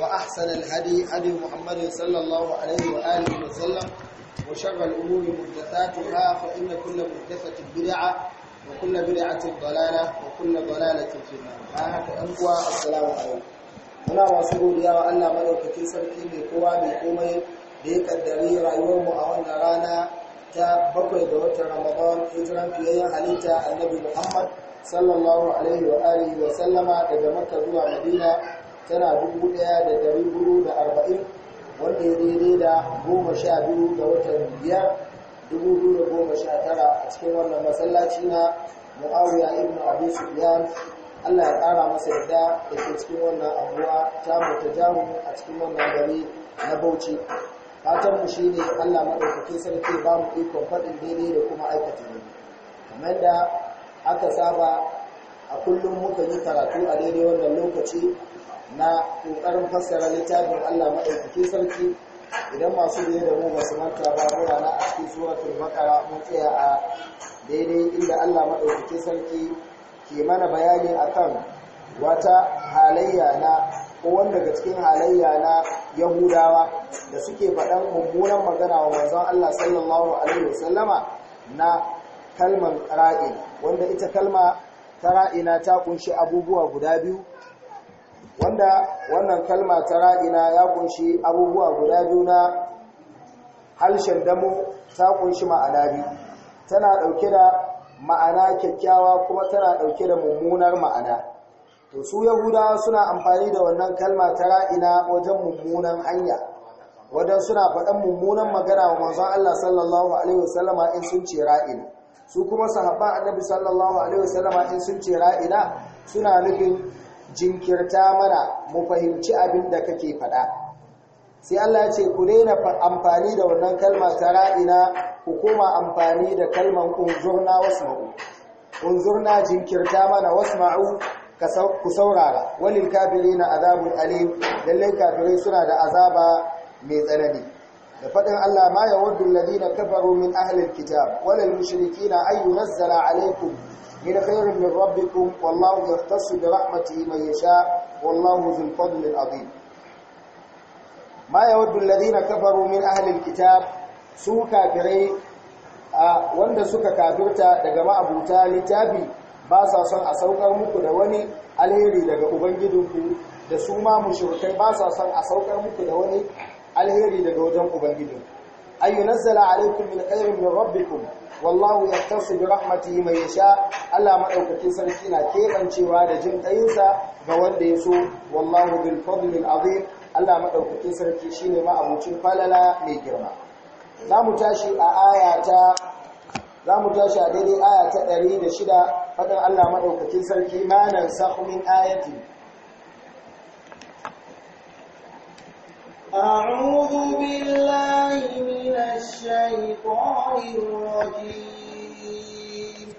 وأحسن الهدي هدي محمد صلى الله عليه وآله وسلم وشر الأمور محدثاتها فإن كل محدثة بدعة وكل بدعة ضلالة وكل ضلالة في النار أنقوى السلام عليكم muna masu godiya wa Allah madaukakin sarki mai kowa mai komai da ya kaddari rayuwarmu a wannan rana ta bakwai da watan Ramadan hijiran fiyayyen halitta Annabi Muhammad sallallahu alaihi wa alihi wa sallama daga Makka zuwa Madina tana dubu ɗaya da dari hudu da arba'in wanda ya daidai da goma sha biyu da watan biyar dubu biyu da goma sha tara a cikin wannan masallaci na mu'awiya ibn abu sufyan allah ya ƙara masa yadda da ke cikin wannan abuwa ta mata jamu a cikin wannan gari na bauchi fatanmu shi ne allah maɗaukaki sarki ba mu ikon faɗin daidai da kuma aikata ne kamar da aka saba a kullum muka yi karatu a daidai wannan lokaci na ƙoƙarin fassara littafin Allah maɗaukaki sarki idan masu biye da mu ba manta ba muna na a cikin suratul makara mun tsaya a daidai inda Allah maɗaukaki sarki ke mana bayani akan wata halayya na ko wanda daga cikin halayya na Yahudawa da suke faɗan mummunan magana wa manzon Allah sallallahu alaihi wasallama na kalman Ra'i, wanda ita kalma ta ra'ina ta kunshi abubuwa guda biyu wanda wannan kalma ta ra'ina ya kunshi abubuwa guda biyu na harshen damo ta kunshi ma'ana biyu tana ɗauke da ma'ana kyakkyawa kuma tana ɗauke da mummunar ma'ana to su yahudawa suna amfani da wannan kalma ta ra'ina wajen mummunan hanya wajen suna faɗan mummunan magana wa manzon Allah sallallahu alaihi wasallama in sun ce ra'ina su kuma sahabban annabi sallallahu alaihi wasallama in sun ce ra'ina suna nufin jinkirta mana mu fahimci abin da kake faɗa sai Allah ya ce ku daina amfani da wannan kalma ta ra'ina ku koma amfani da kalman unzurna wasma'u unzurna jinkirta mana wasma'u ku saurara walil kafirina azabun alim lalle kafirai suna da azaba mai tsanani da fadin Allah ma yawaddu alladhina kafaru min ahli alkitab walal mushrikina ay yunzala alaykum من خير من ربكم والله يختص برحمته من يشاء والله ذو الفضل العظيم ما يود الذين كفروا من أهل الكتاب su kafirai wanda suka kafirta daga ma'abuta littafi ba sa son a saukar muku da wani alheri daga ubangidinku da su ma mushrikai ba sa son a saukar muku da wani alheri daga wajen ubangidinku ayyunazzala alaikum min khairin min rabbikum wallahu yattasu bi rahmatihi mai yasha Allah madaukakin sarki na kebancewa da jin tsayinsa ga wanda ya so wallahu bil fadlil azim Allah madaukakin sarki shine ma abucin falala mai girma zamu tashi a aya ta zamu tashi a daidai aya ta 106 fadan Allah madaukakin sarki manan sahmin ayati أعوذ بالله من الشيطان الرجيم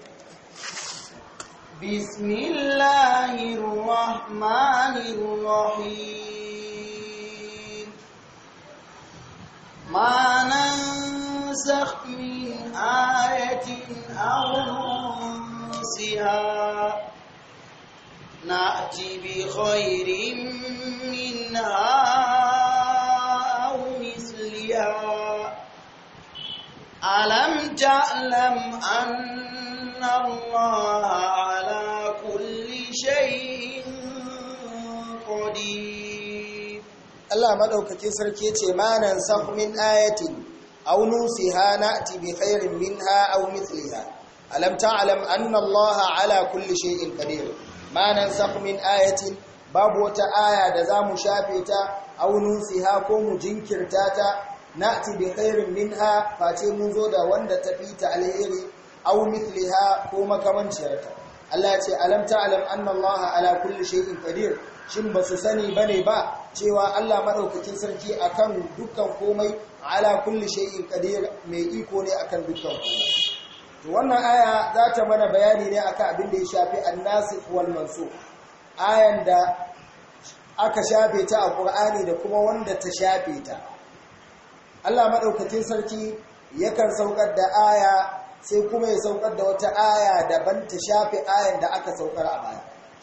بسم الله الرحمن الرحيم ما ننسخ من آية أو ننسها نأتي بخير منها ألم تعلم أن الله على كل شيء قدير الله مدوكاكي سركي يتي ما ننسخ من آية أو ننسها نأتي بخير منها أو مثلها ألم تعلم أن الله على كل شيء قدير ما ننسخ من آية babu wata aya da za mu shafe ta auninsiha ko mu jinkirta ta na'ti bi khairin minha face mun zo da wanda ta fi ta alheri aw mithliha ko makamanciyarta Allah ya ce alam ta'lam anna Allah ala kulli shay'in qadir shin ba su sani bane ba cewa Allah madaukakin sarki akan dukkan komai ala kulli shay'in qadir mai iko ne akan dukkan komai wannan aya za ta mana bayani ne akan abin da ya shafi annasi wal mansukh ayan da aka shafe ta a Qur'ani da kuma wanda ta shafe ta Allah maɗaukacin sarki yakan saukar da aya sai kuma ya saukar da wata aya daban ta shafe ayan da aka saukar a baya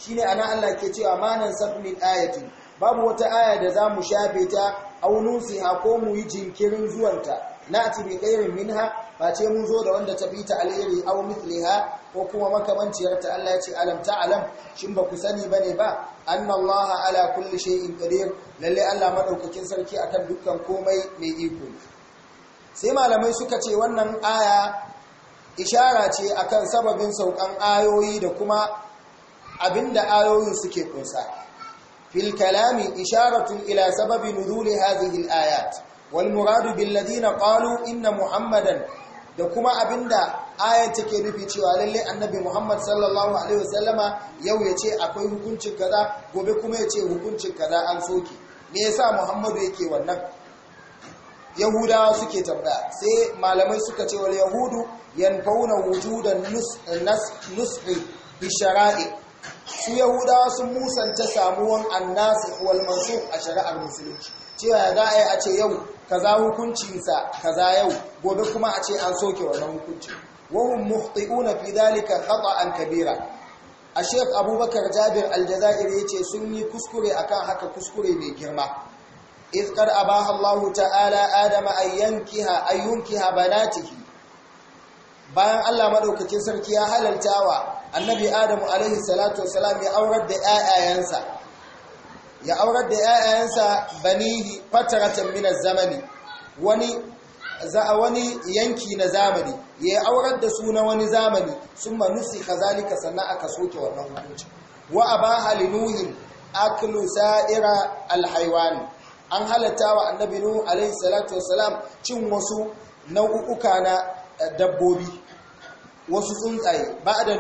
ne ana Allah ke cewa manan sabbin ayatin babu wata aya da za mu shafe ta aunusi ha ko mu yi jinkirin zuwanta na ti bi kairin minha ba ce mun zo da wanda ta bi ta alheri aw mithliha ko kuma makamanciyar ta Allah ya ce alam ta'lam shin ba ku sani bane ba nan Allah ala kulli shay'in qadir lalle Allah madaukakin sarki akan dukkan komai mai iko sai malamai suka ce wannan aya ishara ce akan sababin saukan ayoyi da kuma abinda ayoyin suke kunsa fil kalami isharatun ila sababi nuzuli hadhihi al-ayat wal muradu bil ladina qalu inna muhammadan da kuma abinda ayan take nufi cewa lalle annabi Muhammad sallallahu alaihi wasallama yau yace akwai hukuncin kaza gobe kuma yace hukuncin kaza an soke me yasa muhammadu yake wannan yahudawa suke tambaya sai malamai suka ce wal yahudu yanfauna wujudan nusri bi shara'i su yahudawa sun musanta samuwan annasi wal mansukh a shari'ar musulunci cewa za a yi a ce yau kaza hukuncinsa kaza yau gobe kuma a ce an soke wannan hukunci wahum muhti'una fi dalika khata'an kabira a shek abubakar jabir aljazair ya ce sun yi kuskure akan haka kuskure mai girma izkar abaha allahu ta'ala adama ayyankiha ayyunkiha banatihi bayan allah maɗaukacin sarki ya halarta wa annabi adamu alaihi salatu wasalam ya aurar da 'ya'yansa ya aurar da banihi fataratan min zamani wani Za a wani yanki na zamani ya yi aurar da su na wani zamani sun manusi ka zalika sannan aka soke wannan hukunci wa a ba halinuhin aklu sa'ira alhaiwani an halatta wa annabi nuhu alaihi salatu wasalam cin wasu nau'uka na eh, dabbobi wasu tsuntsaye ba da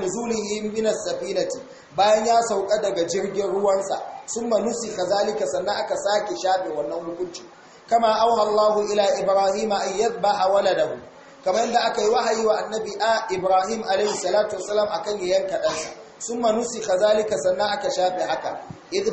yin minas safinati bayan ya sauka daga jirgin ruwansa sun manusi ka zalika sannan aka sake shafe wannan hukunci kama auhallahu Allahu ila Ibrahim an yadhbaha waladahu kamar yadda aka yi wahayi wa annabi a Ibrahim alaihi salatu wasalam akan ya yanka ɗansa summa nusi zalika sannan aka shafe haka idh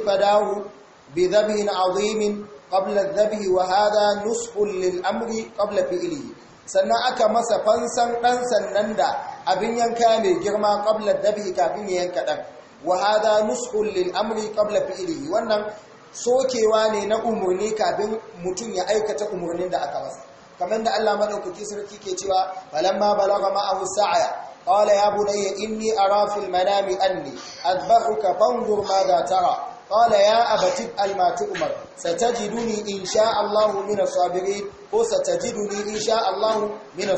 bi dhabhin azimin qabla dhabhi wa hadha nushun lil amri qabla fi'lihi sannan aka masa fansan ɗan sannan da abin yanka mai girma qabla dhabhi kafin ya yanka ɗan wa hada nushun lil amri qabla fi'lihi wannan sokewa ne na umarni kafin mutum ya aikata umarnin da aka masa kamar da Allah madaukaki sarki ke cewa bala balagha ma'ahu sa'ya qala ya bunayya inni ara fil manami anni adbahuka fanzur madha tara قال يا أبت ما تؤمر ستجدني إن شاء الله من ko وستجدني إن in sha Allahu mina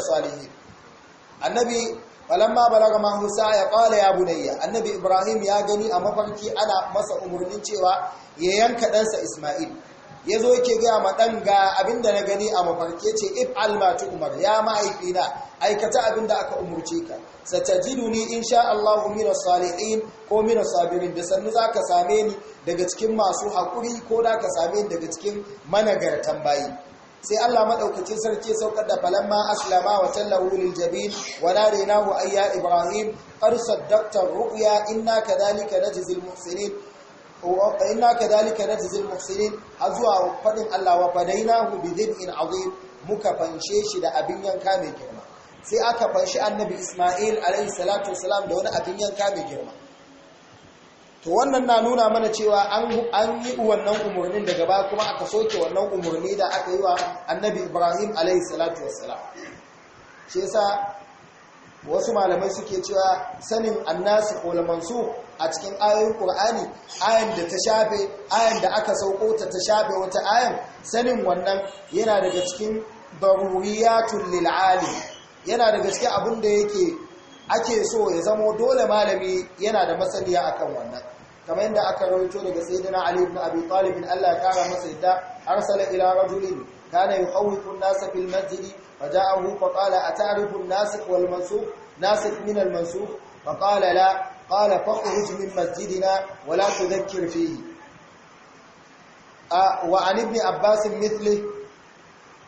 النبي falamma balaga mahu ya qala ya bunayya annabi ibrahim ya gani a mafarki ana masa umurnin cewa ya yanka ɗansa isma'il ya zo yake gaya ma ɗan ga abin da na gani a mafarki ce if tu umar ya ma'aifina aikata abin da aka umurce ka satajidu ni in sha Allahu mina salihin ko mina sabirin da sannu zaka same ni daga cikin masu hakuri ko da ka same ni daga cikin managartan bayi sai Allah madaukakin sarki saukar da falamma aslama wa tallahu lil jabin wa narinahu ayya ibrahim qad saddaqta ru'ya inna kadhalika najzil muhsinin inna kadhalika najzil muhsinin azwa fadin Allah wa fadainahu bi dhibin azim muka fanshe shi da abin yanka mai girma sai aka fanshi annabi Isma'il alayhi salatu wasalam da wani abin yanka mai girma to wannan na nuna mana cewa an yi wannan umarnin da gaba kuma aka soke wannan umarni da aka yi wa annabi ibrahim alaihi salatu wassalam shi yasa wasu malamai suke cewa sanin annasi ko lamansu a cikin ayoyin qur'ani ayan da ta shafe ayan da aka sauko ta ta shafe wata ayan sanin wannan yana daga cikin daruriyatul lil alim yana daga cikin abin da yake ake so ya zamo dole malami yana da masaniya akan wannan kamar yadda aka rawaito daga sayyidina ali ibn abi talib Allah ya kara masa yadda arsala ila rajulin kana yuhawwiqu an-nas fil masjid faja'ahu fa qala ata'rifu an-nas wal mansukh nas min al-mansukh fa qala la qala fakhruj min masjidina wa la tudhakkir fihi wa an ibn abbas mithlihi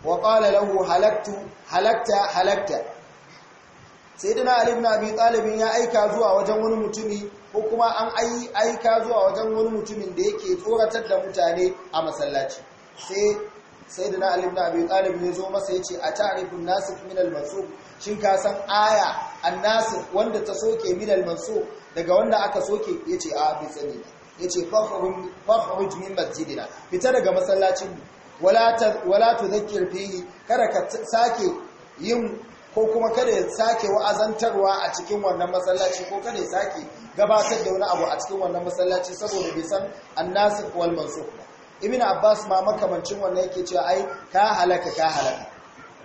wa qala lahu halaktu halakta halakta sayyidina ali ibn abi talib ya aika zuwa wajen wani mutumi ko kuma an aika zuwa wajen wani mutumin da yake tsoratar da mutane a masallaci sai sai da na alim na abu ne zo masa ya ce a ta'arifin nasir min al-mansub shin ka san aya an-nasir wanda ta soke min al daga wanda aka soke ya ce a bi sani yace fakhruj min masjidina fita daga masallacin wala ta wala ka sake yin ko kuma kada ya sake wa'azantarwa a cikin wannan masallaci ko kada ya sake gabatar da wani abu a cikin wannan masallaci saboda bai san annasikh wal mansukh ibn abbas ma makamancin wannan yake cewa ai ka halaka ka halaka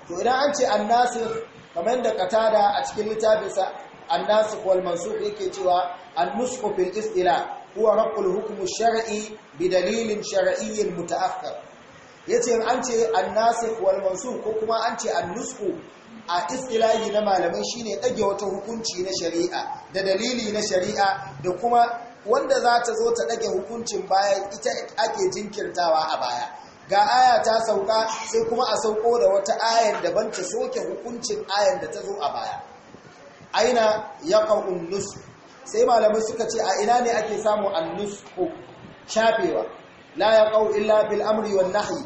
to idan an ce annasikh kamar da katada a cikin littafinsa annasikh wal mansukh yake cewa an-nusukh fil istila huwa raf'ul hukm shari bi dalilin shar'iyyin muta'akhkhar Ya ce an ce annasikh wal ko kuma an ce annusku a istilahi na malamai shine dage wata hukunci na shari'a da dalili na shari'a da kuma wanda za ta zo ta dage hukuncin bayan ita ake jinkirtawa a baya ga aya ta sauka sai kuma a sauko da wata ayar daban ta soke hukuncin ayar da ta zo a baya aina yaqa'un nus sai malamai suka ce a ina ne ake samu annusku shafewa la yaqau illa bil amri wan nahyi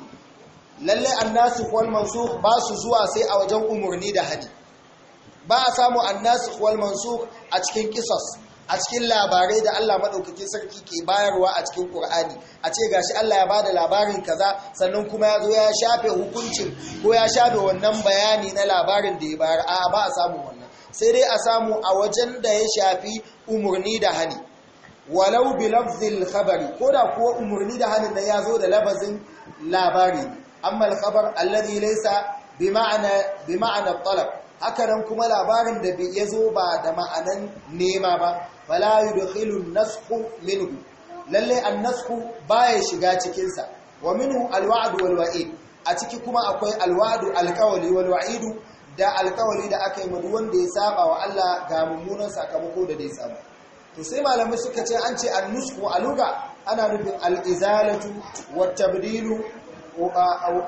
lalle annasikh wal mansukh ba su zuwa sai a wajen umurni da hadi ba a samu annasikh wal mansukh a cikin ƙisas, a cikin labarai da Allah maɗaukacin sarki ke bayarwa a cikin Qur'ani a ce gashi Allah ya bada labarin kaza sannan kuma ya zo ya shafe hukuncin ko ya shafe wannan bayani na labarin da ya bayar a ba a samu wannan sai dai a samu a wajen da ya shafi umurni da hani walau bi lafzil khabari ko da kuwa umarni da hannun nan ya zo da lafazin labari amma al-khabar alladhi laysa bi ma'ana bi ma'ana talab haka nan kuma labarin da ya zo ba da ma'anan nema ba fala yudkhilu an-nasxu minhu lalle an-nasxu baya shiga cikin sa wa minhu al-wa'd wal wa'id a ciki kuma akwai al-wa'd al-qawli wal wa'id da alkawali da aka yi wanda ya saba wa Allah ga mummunan sakamako da dai samu to sai malamai suka ce an ce annusku a luga ana nufin al'izalatu wata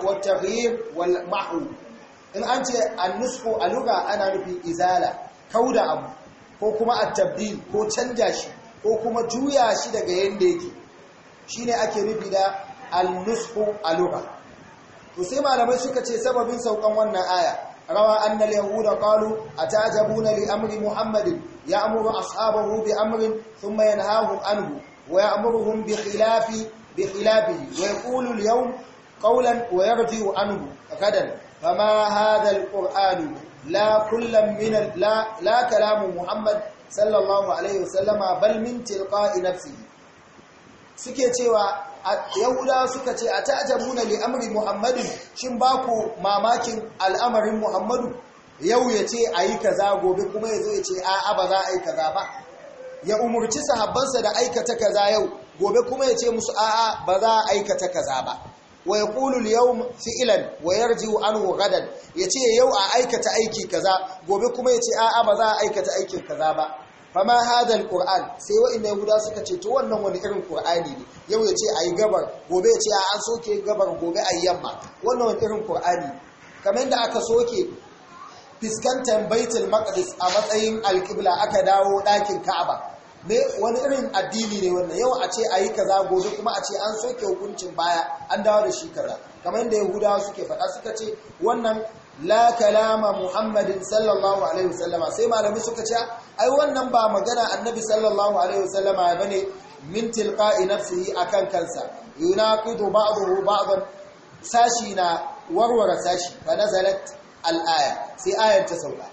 wattaghyir wal mahu in an ce annusku a luga ana nufin izala kauda abu ko kuma at-tabdil ko canja shi ko kuma juya shi daga yanda yake shine ake nufi da annusku a luga to sai malamai suka ce sababin saukan wannan aya روى أن اليهود قالوا أتعجبون لأمر محمد يأمر أصحابه بأمر ثم ينهاهم عنه ويأمرهم بخلاف بخلافه ويقول اليوم قولا ويرجع عنه غدا فما هذا القرآن لا كل من لا, لا كلام محمد صلى الله عليه وسلم بل من تلقاء نفسه suke cewa yahuda suka ce a ta'jamuna li amri Muhammadu, shin ba ku mamakin al'amarin muhammadu yau ya ce a yi kaza gobe kuma ya zo ya ce a'a ba za a yi kaza ba ya umurci sahabbansa da aikata kaza yau gobe kuma ya ce musu a'a ba za a aikata kaza ba wa yaqulu al-yawm fi'lan wa wa anu gadan ce yau a aikata aiki kaza gobe kuma ya ce a'a ba za a aikata aikin kaza ba fama hadal qur'an sai wa'inda yahuda suka ce to wannan wani irin Kur'ani ne yau ya ce ayi gabar gobe ya ce a an soke gabar gobe ayi yamma wannan wani irin Kur'ani. kamar yadda aka soke fiskantar baitul maqdis a matsayin alkibla aka dawo ɗakin ka'aba wani irin addini ne wannan yau a ce ayi kaza gobe kuma a ce an soke hukuncin baya an dawo da shi kaza kamar yadda yahudawa suke faɗa suka ce wannan la kalama muhammadin sallallahu alaihi wasallama sai malamai suka ce ai wannan ba magana annabi sallallahu alaihi wasallama bane min tilqa'i nafsihi akan kansa yunaqidu ba'dahu ba'dan sashi na warware sashi fa nazalat al-aya sai ayar ta sauka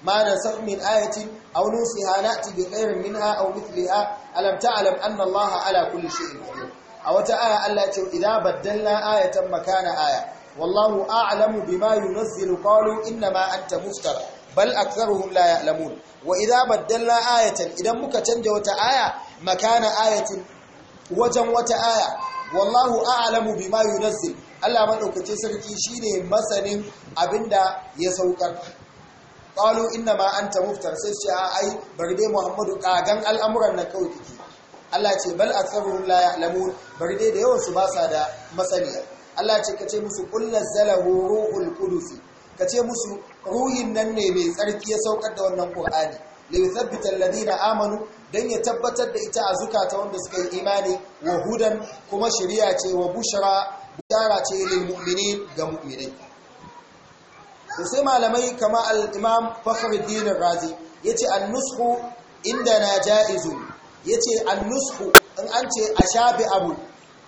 ما نسخ من آية أو ننسها نأتي a منها أو مثلها ألم تعلم أن الله على كل aya قدير أو ce التي إذا بدلنا آية مكان آية wallahu a'lamu bima yunzilu qalu innama anta muftar bal aktharuhum la ya'lamun wa idza baddalna ayatan idan muka canja wata aya makana ayatin wajen wata aya wallahu a'lamu bima yunzil Allah madaukake sarki shine masanin abinda ya saukar qalu innama anta muftar sai ce ai bari Muhammadu kagan al'amuran na kawai kike Allah ce bal aktharuhum la ya'lamun Barde da yawan su ba sa da masaniya Allah ce kace musu kullaz zalahu ruhul qudus ka musu ruhin nan ne mai tsarki ya saukar da wannan qur'ani li yuthabbita alladhina amanu dan ya tabbatar da ita a ta wanda suka yi imani wa hudan kuma shari'a ce wa bushra bushara ce lil mu'minin ga mu'minai to sai malamai kamar al-imam fakhruddin razi yace an inda na jaizun yace an in an ce a shafi abu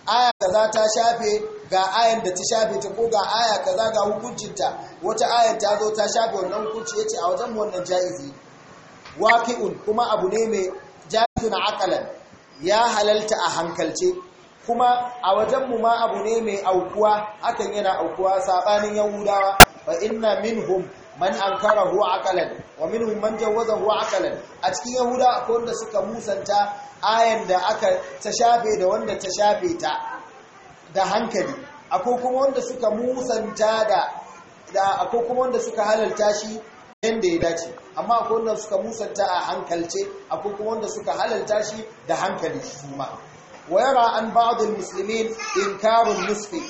aya kaza ta shafe ga ayan da ta shafe ta ko ga aya kaza ga hukuncinta wata ayan ta zo ta shafe wannan hukunci yace a wajen wannan jaizi waqi'un kuma abu ne mai na aqalan ya halalta a hankalce kuma a wajen mu ma abu ne mai aukuwa hakan yana aukuwa sabanin yahudawa fa inna minhum man ankara huwa aqalan wa minhum man jawaza huwa aqalan a cikin yahuda akwai wanda suka musanta ayan da aka ta shafe da wanda ta shafe ta da hankali akwai kuma wanda suka musanta da da akwai kuma wanda suka halalta shi yanda ya dace amma akwai wanda suka musanta a hankalce akwai kuma wanda suka halalta shi da hankali shi ma wa yara an ba'd al-muslimin inkarun nusfi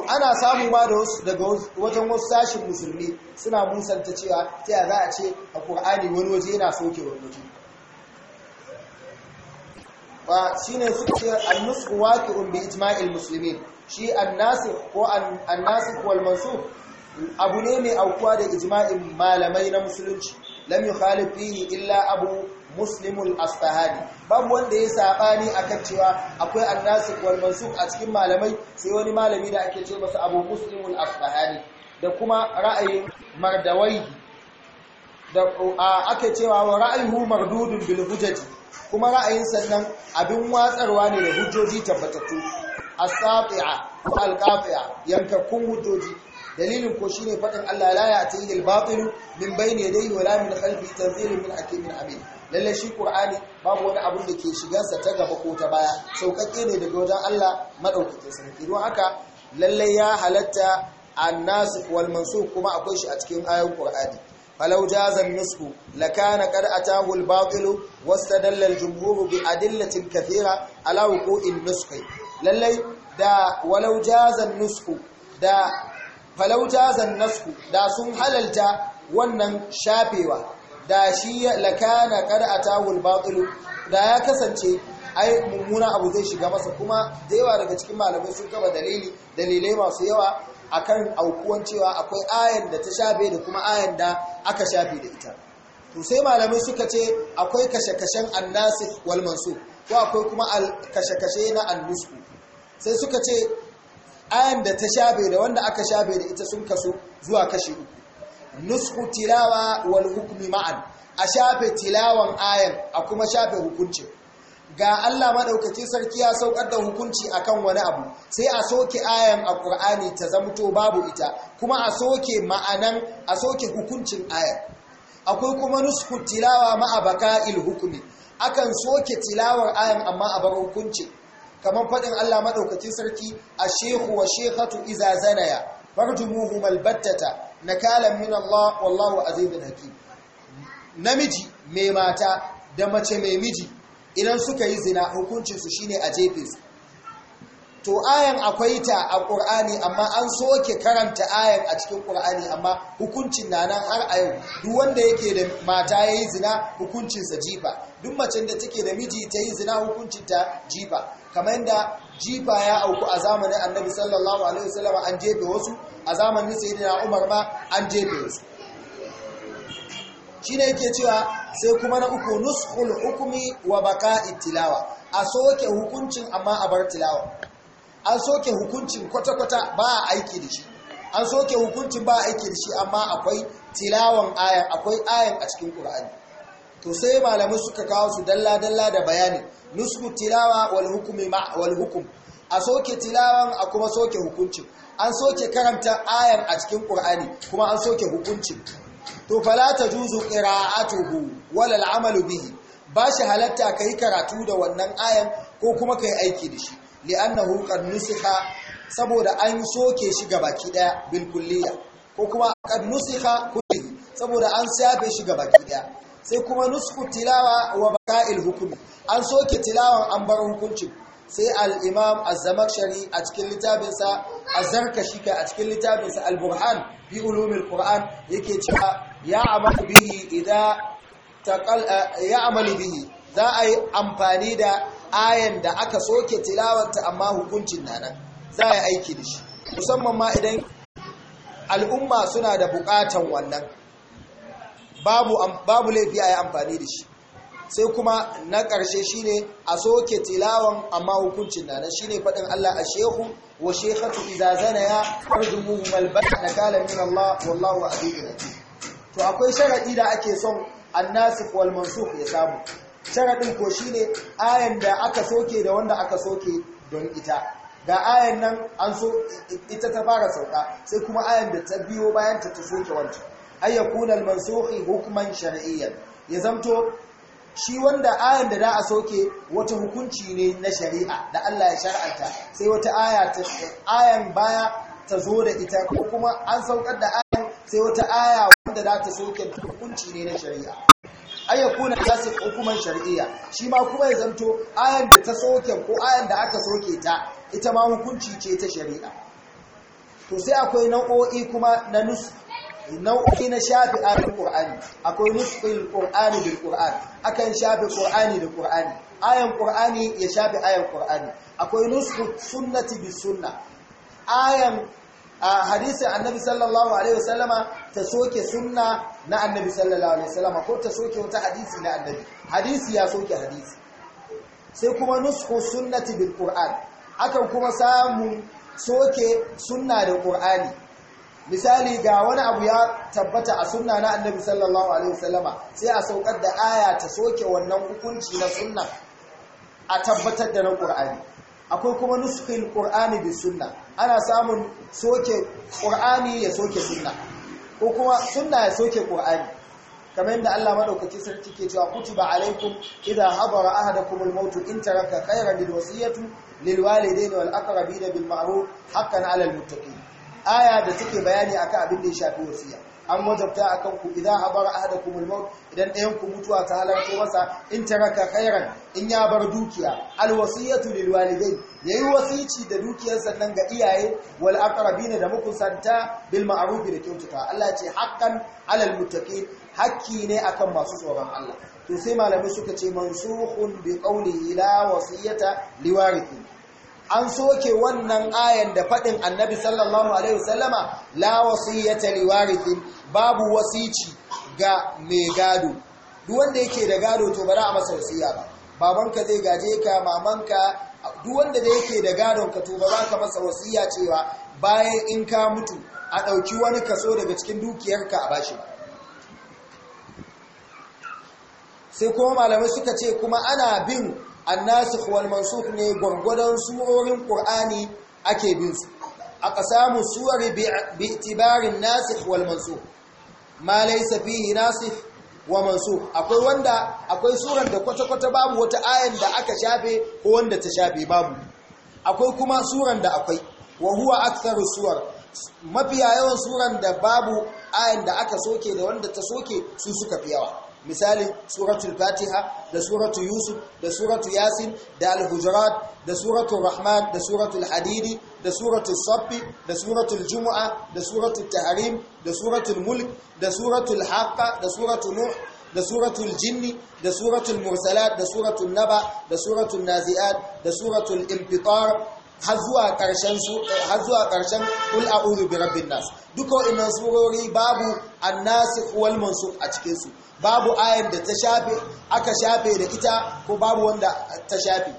ana samu ma daga wajen wasu sashin musulmi suna musanta cewa ta yaya za a ce a ƙur'ani wani waje yana soke wani waje ba shi ne su ce nusku waƙi bi ijma'il musulmi shi nasu ko annasir mansur abu ne mai aukuwa da ijma'in malamai na musulunci lam yukhalif illa abu muslimul asfahani babu wanda ya sabani akan cewa akwai annasikh wal mansukh a cikin malamai sai wani malami da ake ce masa abu muslimul asfahani da kuma ra'ayin mardawai da ake cewa wa ra'ayuhu mardudun bil hujaji kuma ra'ayin sannan abin watsarwa ne da hujjoji tabbatattu as-sati'a al-qati'a yankakkun hujjoji dalilin ko shine fadin Allah la ya'tihil batil min bayni yadayhi wala min khalfihi tanzilun min hakimin amin lallai shi kur'ani babu wani abin da ke shigansa ta gaba ko ta baya sauƙaƙe ne daga wajen Allah madaukakin sarki don haka lallai ya halatta annasu wal mansukh kuma akwai shi a cikin ayan kur'ani. falau jazan nusku lakana qad atahu al batil wastadalla al jumhur bi adillatin kathira ala wuqu'in nuski lallai da walau jazan nusku da falau jazan nasku da sun halalta wannan shafewa da shi lakana kada a tawul batil da ya kasance ai mummuna abu zai shiga masa kuma da yawa daga cikin malamai sun gaba dalili dalilai masu yawa akan aukuwan cewa akwai ayan da ta shafe da kuma ayan da aka shafe da ita to sai malamai suka ce akwai kashe-kashen annasi wal mansukh ko akwai kuma kashe-kashe na annusku sai suka ce ayan da ta shafe da wanda aka shafe da ita sun kaso zuwa kashi uku nusku tilawa wal hukmi ma'an a shafe tilawan ayan a kuma shafe hukunci ga Allah maɗaukacin sarki ya saukar da hukunci akan wani abu sai a soke ayan a ƙur'ani ta zamto babu ita kuma a soke ma'anan a soke hukuncin ayan akwai kuma nusku tilawa ma'abaka il hukmi akan soke tilawar ayan amma a bar hukunci kamar faɗin Allah maɗaukacin sarki a shehu wa shehatu iza zanaya farjumuhum albattata nakalan min Allah wallahu azizun hakim namiji mai mata da mace mai miji idan suka yi zina hukuncin su shine a jefe to ayan akwai ta a ƙur'ani amma an soke karanta ayan a cikin ƙur'ani amma hukuncin na har a yau duk wanda yake da mata yayi yi zina hukuncinsa jifa duk macen da take da miji ta yi zina ta jifa kamar yanda jifa ya auku a zamanin annabi sallallahu alaihi wasallam an jefe wasu a zamanin sai na Umar ma an jefe su ne yake cewa sai kuma na uku nuskul hukumi wa baka itilawa a soke hukuncin amma a bar tilawa an soke hukuncin kwata-kwata ba a aiki da shi an soke hukuncin ba a aiki da shi amma akwai tilawan ayan akwai ayan a cikin ƙur'ani to sai malamai suka kawo su dalla-dalla da bayani nuskul tilawa wal hukumi wal hukum a soke tilawan a kuma soke hukuncin an soke karanta ayan a cikin ƙur'ani kuma an soke hukuncin to fala tajuzu qira'atuhu wala al'amalu bihi ba shi halatta kai karatu da wannan ayan ko kuma kai aiki da shi li'annahu qad nusiha saboda an soke shi gabaki daya bil kulliya ko kuma qad nusiha kulli saboda an shafe shi gabaki daya sai kuma nusku tilawa wa baka'il hukmi an soke tilawan an bar hukuncin sai alimam imam a cikin littafinsa zarka shi ka a cikin littafinsa al fi ulumin qur'an yake cewa ya amalu bihi idza taqal eh, ya amalu bihi za a yi amfani da ayan da aka soke tilawarta amma hukuncin na nan za a yi aiki da shi musamman ma idan al'umma suna da buƙatan wannan babu laifi a yi amfani da shi sai kuma na ƙarshe shine a soke tilawan amma hukuncin na ne faɗin Allah a shehu wa shekatu idza zanaya arjumuhum albana kala min Allah wallahu azizun to akwai Sharaɗi da ake son annasikh wal mansukh ya samu Sharaɗin ko shine ayan da aka soke da wanda aka soke don ita ga ayan nan an so ita ta fara sauka sai kuma ayan da ta biyo bayan ta ta soke wancan ayyakunan al hukuman shari'iyyar ya zamto shi wanda ayan da za a soke wata hukunci ne na shari'a da Allah ya shar'anta sai wata ayan baya ta zo da ita ko kuma an saukar da ayan sai wata aya wanda za ta soke hukunci ne na shari'a ayyakuna ta su hukuman shari'a shi ma kuma ya zanto ayan da ta soke ko ayan da aka soke ta ita ma hukunci ce ta shari'a to sai akwai nau'o'i kuma na nusu? nau'i na shafi ayin qur'ani akwai nutqil qur'ani bil qur'an akan shafi qur'ani da qur'ani ayan qur'ani ya shafi ayan qur'ani akwai nutqu sunnati bis sunna ayan hadisi annabi sallallahu alaihi wasallama ta soke sunna na annabi sallallahu alaihi wasallama ko ta soke wata hadisi na annabi hadisi ya soke hadisi sai kuma nusku sunnati bil qur'an akan kuma samu soke sunna da qur'ani misali ga wani abu ya tabbata a sunna na annabi sallallahu alaihi wasallama sai a saukar da aya ta soke wannan hukunci na sunna a tabbatar da na qur'ani akwai kuma nuskhil qur'ani bi sunna ana samun soke qur'ani ya soke sunna ko kuma sunna ya soke qur'ani kamar yadda Allah madaukaki sarki ke cewa kutuba alaikum idha hadara ahadakum al-maut in taraka khayran lil wasiyati lil walidayni wal aqrabin bil ma'ruf haqqan hakan alal muttaqin aya da take bayani akan abin da ya shafi wasiya an wajabta akan ku idan habara ahadakum al-maut idan ɗayan ku mutuwa ta halarta masa in ta raka kairan in ya bar dukiya al-wasiyatu lil ya yayi wasici da dukiyar sannan ga iyaye wal aqrabina da makusanta bil ma'ruf da kyautata Allah ce haqqan alal muttaqin hakki ne akan masu tsoron Allah to sai malamai suka ce mansukhun bi qawlihi la wasiyata liwarithin an soke wannan ayan da faɗin annabi sallallahu alaihi wasallama la wasiyyata liwarithin babu wasici ga mai gado duk wanda yake da gado to ba a masa wasiya ba babanka zai gaje ka mamanka duk wanda da yake da gadon ka to ba ka masa wasiya cewa bayan in ka mutu a ɗauki wani kaso daga cikin dukiyarka a bashi sai kuma malamai suka ce kuma ana bin annasikh wal mansukh ne gwangwadon surorin qur'ani ake bin su aqsamu suwari bi itibari nasikh wal mansukh ma laysa fihi nasikh wa mansukh akwai wanda akwai suran da kwata-kwata babu wata ayan da aka shafe ko wanda ta shafe babu akwai kuma suran da akwai wa huwa aktharu suwar mafiya yawan suran da babu ayan da aka soke da wanda ta soke su suka fi yawa misali suratul fatiha da suratul yusuf da suratul yasin da al-hujurat da suratul rahman da suratul hadidi da suratul saffi da suratul jumu'a da suratul tahrim da suratul mulk da suratul haqqa da suratul nuh da suratul jinni da suratul mursalat da suratul naba da suratul nazi'at da suratul infitar har zuwa ƙarshen su eh, har zuwa ƙarshen kul a'udhu bi rabbin nas duka wa'annan surori babu annasikh wal mansukh a cikin su babu ayar da ta shafe aka shafe da ita ko babu wanda ta shafe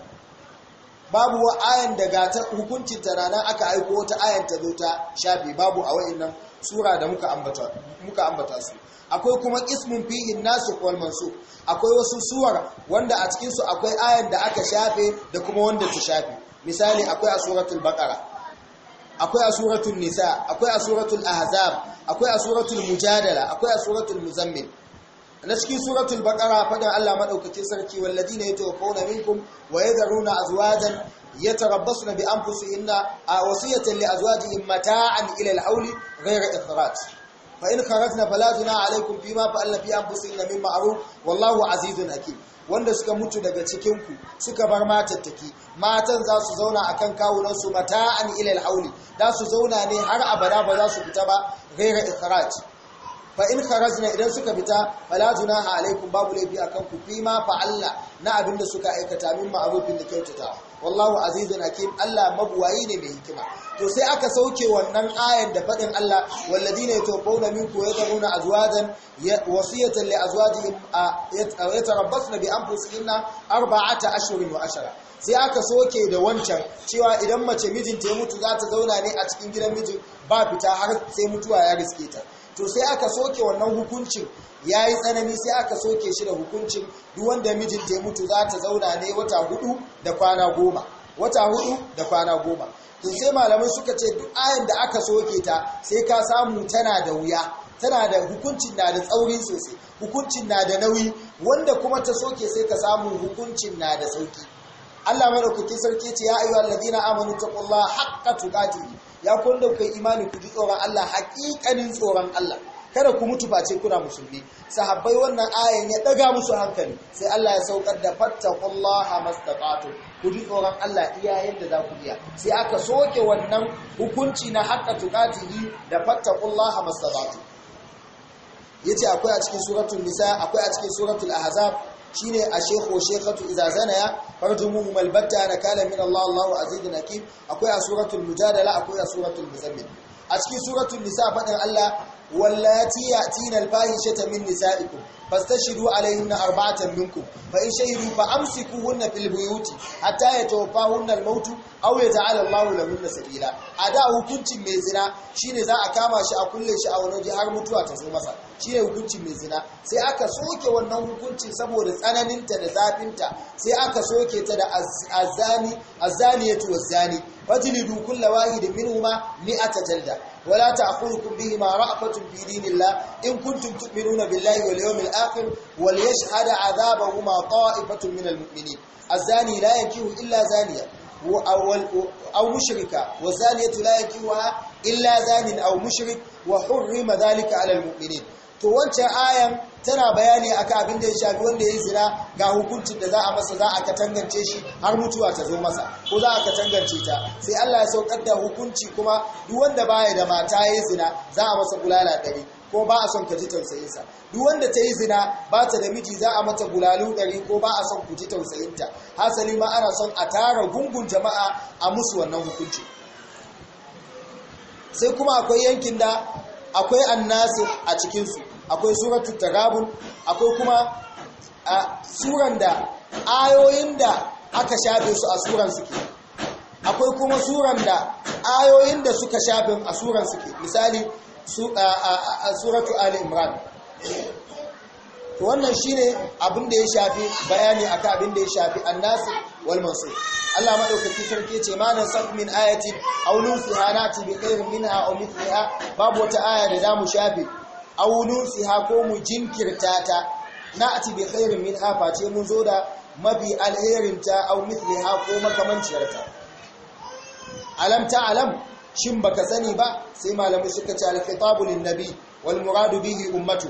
babu wa ayan da ga ta hukuncin ta rana aka aiko wata ayan ta zo ta shafe babu a wa'annan sura da muka ambata muka ambata su akwai kuma ismun fihin nasu wal mansukh akwai wasu suwar wanda a cikin su akwai ayan da aka shafe da kuma wanda ta shafe misali akwai a suratul baqara akwai a suratul nisa akwai a suratul ahzab akwai a suratul mujadala akwai a suratul muzammil na cikin suratul baqara fadan Allah madaukakin sarki walladina yatawaffawna minkum wa yadharuna azwajan yatarabbasna bi anfusihinna a wasiyatan li azwajihim mata'an ila al-hawli ghayra ikhraj fa in فلا fala عليكم alaikum فعلنا في أنفسنا من min والله wallahu حكيم wanda suka mutu daga cikinku suka bar matattaki matan za su zauna a kan mata an ilal hauli za su zauna ne har abada ba za su fita ba gaira ikhraj fa in kharajna idan suka fita fala zina alaikum babu laifi akan ku fi ma fa'alla na abinda suka aikata min ma'rufin da kyautatawa wallahu azizun hakim Allah mabuwayi ne mai hikima to sai aka sauke wannan ayar da fadin Allah walladina yatawaffawna minkum yadhuruna azwajan wasiyatan li azwajihim yatarabbasna bi anfusihinna arba'ata ashhurin wa ashara sai aka soke da wancan cewa idan mace mijinta ya mutu za ta zauna ne a cikin gidan mijin ba fita har sai mutuwa ya riske ta to sai aka soke wannan hukuncin ya yi tsanani sai aka soke shi da hukuncin duk wanda mijinta ya mutu za ta zauna ne wata hudu da kwana goma wata hudu da kwana goma to sai malamai suka ce duk ayan da aka soke ta sai ka samu tana da wuya tana da hukuncin na da tsauri sosai hukuncin na da nauyi wanda kuma ta soke sai ka samu hukuncin na da sauki Allah madaukakin sarki ce ya ayyuhal ladina ta taqullaha haqqa tuqatih ya kwanda kai imani ku ji tsoron Allah haƙiƙanin tsoron Allah kada ku mutu face kuna musulmi sahabbai wannan ayan ya daga musu hankali sai Allah ya saukar da fattaqullaha mastaqatu ku ji tsoron Allah iya yadda za ku iya sai aka soke wannan hukunci na harka tuqatihi da fattaqullaha mastaqatu yace akwai a cikin suratul nisa akwai a cikin suratul ahzab shine a shekho shekatu idza zanaya farjumuhu malbatta na kala min Allah Allahu azizun hakim akwai a suratul mujadala akwai a suratul muzammil a cikin suratul nisa fadin Allah wallati yatina alfahishata min nisaikum fastashidu na arba'atan minkum fa in shahidu fa amsikuhunna fil buyuti hatta yatawaffahunna al-maut aw yaj'al Allahu lahunna sabila da hukuncin mai zina shine za a kama shi a kulle shi a wani waje har mutuwa ta zo masa shine hukuncin mai zina sai aka soke wannan hukuncin saboda tsananinta da zafinta sai aka soke ta da azzani azzaniyatu wazzani fajlidu kulla wahidin minhuma mi'ata jalda wala ta'khulukum bihima ra'fatun fi dinillah in kuntum tu'minuna billahi wal yawmil akhir الآخر وليشهد عذابهما طائفة من المؤمنين الزاني لا ينكيه إلا زانية أو مشركة والزانية لا ينكيها إلا زان أو مشرك وحرم ذلك على المؤمنين to wancan ayan tana bayani akan abin da ya shafi wanda ya zina ga hukuncin da za a masa za a katangance shi har mutuwa ta zo masa ko za a katangance ta sai Allah ya saukar da hukunci kuma duk wanda baya da mata ya zina za a masa bulala ɗari ko ba a son ka ji tausayinsa duk wanda ta yi zina ba ta da miji za a mata bulalu ɗari ko ba a son ku ji tausayinta hasali ma ana son a tara gungun jama'a a musu wannan hukunci sai kuma akwai yankin da akwai annasi a cikinsu akwai suratul tarabun akwai kuma a suran da ayoyin da aka shafe su a suran suke akwai kuma suran da ayoyin da suka shafe a suran suke misali suratu ali imran to wannan shine abin da ya shafi bayani akan abin da ya shafi annasi wal mansur Allah madaukaki sarki ce ma nan sak min ayati aw nusiha bi khairin minha aw mithliha babu wata aya da zamu shafi aw nusiha ko mu jinkirta ta nati bi min minha face mun zo da mabi alherin ta aw mithliha ko makamanciyar ta alam ta alam shin baka sani ba sai malamai suka ce al-khitabu lin-nabi wal muradu bihi ummatu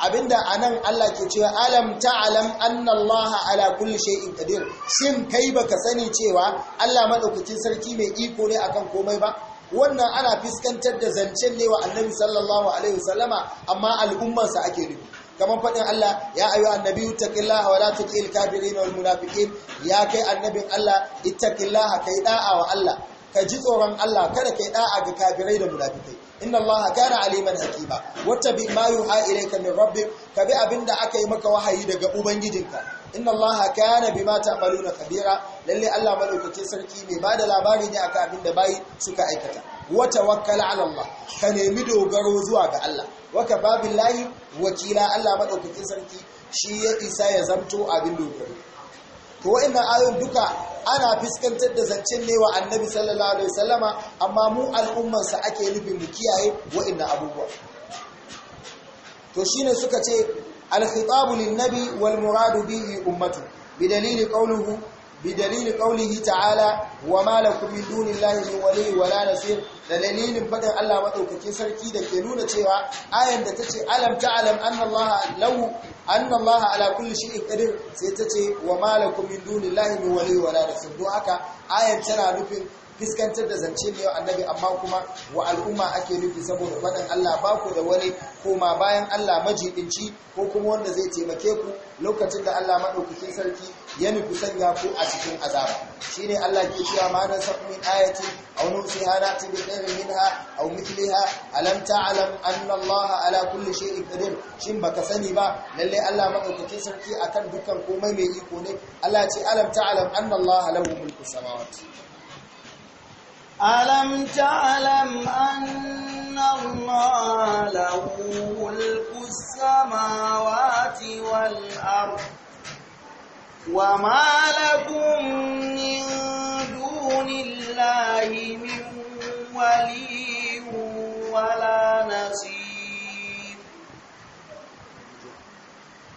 abinda anan Allah ke cewa alam ta'lam anna Allah ala kulli shay'in qadir shin kai baka sani cewa Allah madaukakin sarki mai iko ne akan komai ba wannan ana fiskantar da zancen ne wa annabi sallallahu alaihi wasallama amma al'ummarsa ake nufi kamar faɗin Allah ya ayu annabi ittaqillaha wa la tuqil kafirin wal munafiqin ya kai annabin Allah ittaqillaha kai da'a wa Allah ka ji tsoron Allah kada kai da'a ga kafirai da munafikai inna Allah kana aliman hakima wattabi ma yuha ilayka min rabbik ka bi abinda aka yi maka wahayi daga ubangijinka inna Allah kana bima ta'maluna kabira lalle Allah malaikace sarki mai da labari ne akan abinda bayi suka aikata wa tawakkal ala Allah ka nemi dogaro zuwa ga Allah wa kafa billahi wakila Allah malaikace sarki shi ya isa ya zamto abin dogaro to wa'annan ayoyin duka ana fuskantar da zancen ne wa annabi sallallahu alaihi wasallama amma mu al'ummansa ake nufin mu kiyaye wa'inna abubuwa to shine suka ce al-khitabu lin-nabi wal muradu bihi ummatu bidalili qawluhu بدليل قوله تعالى وما لكم من دون الله من ولي ولا نصير دليل بدن الله مدوكين sarki da ke nuna cewa ayan da tace alam ta'lam anna Allah law anna Allah ala kulli shay'in qadir sai tace wa ma lakum min dunillahi min wali wala nasir don haka ayan tana nufin fiskantar da zance ne yau annabi amma kuma wa al'umma ake nufi saboda faɗin Allah ba ku da wani koma bayan Allah majiɗinci ko kuma wanda zai taimake ku lokacin da Allah maɗaukakin sarki ya nufi sanya ku a cikin azaba shi ne Allah ke cewa ma na sabu min ayati aw nusiha nati bi khairin minha aw mithliha alam ta'lam anna Allah ala kulli shay'in qadir shin baka sani ba lalle Allah maɗaukakin sarki akan dukkan komai mai iko ne Allah ce alam ta'lam anna Allah lahu mulku samawati ألم تعلم أن الله له ملك السماوات والأرض وما لكم من دون الله من ولي ولا نصير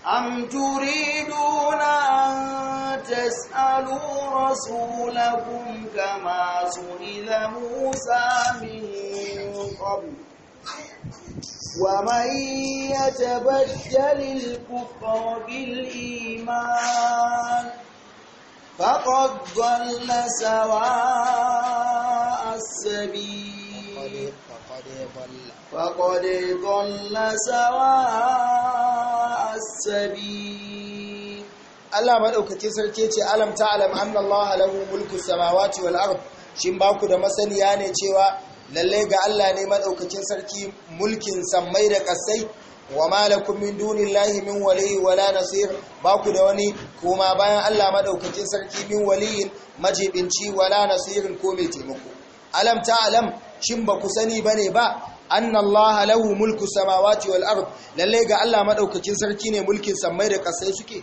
أم تريدون أن تسألوا رسولكم كما سئل موسى من قبل ومن يتبدل الكفر بالإيمان فقد ضل سواء السبيل فقد ضل فقد ضل سواء السبيل Allah مدaukakin sarki ce alam ta'lam anna Allah lahu mulku samawati wal ard shin ba ku da masaniya ne cewa lalle ga Allah ne madaukakin sarki mulkin sammai da kasai wa malakum min dunillahi min waliy wala nasir ba ku da wani kuma bayan Allah madaukakin sarki min waliyin majibinci wala nasirin ko mai taimako alam ta'alam, shin ba ku sani bane ba anna Allah lahu mulku samawati wal ard lalle ga Allah madaukakin sarki ne mulkin samai da kasai suke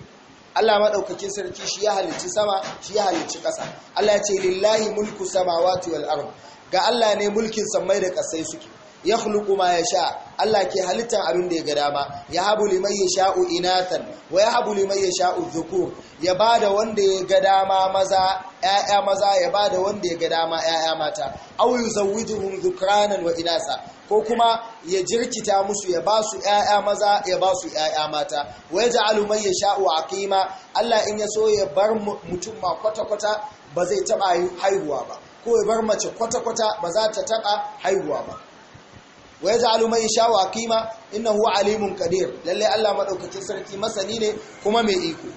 Allah madaukakin sarki shi ya halicci sama shi ya halicci kasa Allah ya ce lillahi mulku samawati wal ard ga Allah ne mulkin samai da kasai suke ya hulku ma sha. Allah ke halittar abin da ya ga dama ya habu liman sha'u inatan. wa ya habu liman sha'u dhukur ya bada wanda ya ga dama maza ƴaƴa maza ya bada wanda ya ga dama ƴaƴa mata aw yuzawwijuhum dhukranan wa inasa ko kuma ya jirkita musu ya ba su ‘ya'ya maza ya ba su ‘ya'ya mata ya jaalu alumai ya sha'u a kima Allah in ya so ya bar mutum ma kwata-kwata ba zai taɓa haihuwa ba ko ya bar mace kwata-kwata ba za ta taɓa haihuwa ba wa yaj'alu man Kima, ina huwa alimun Kadir, lalle Allah maɗaukacin sarki masani ne kuma mai iko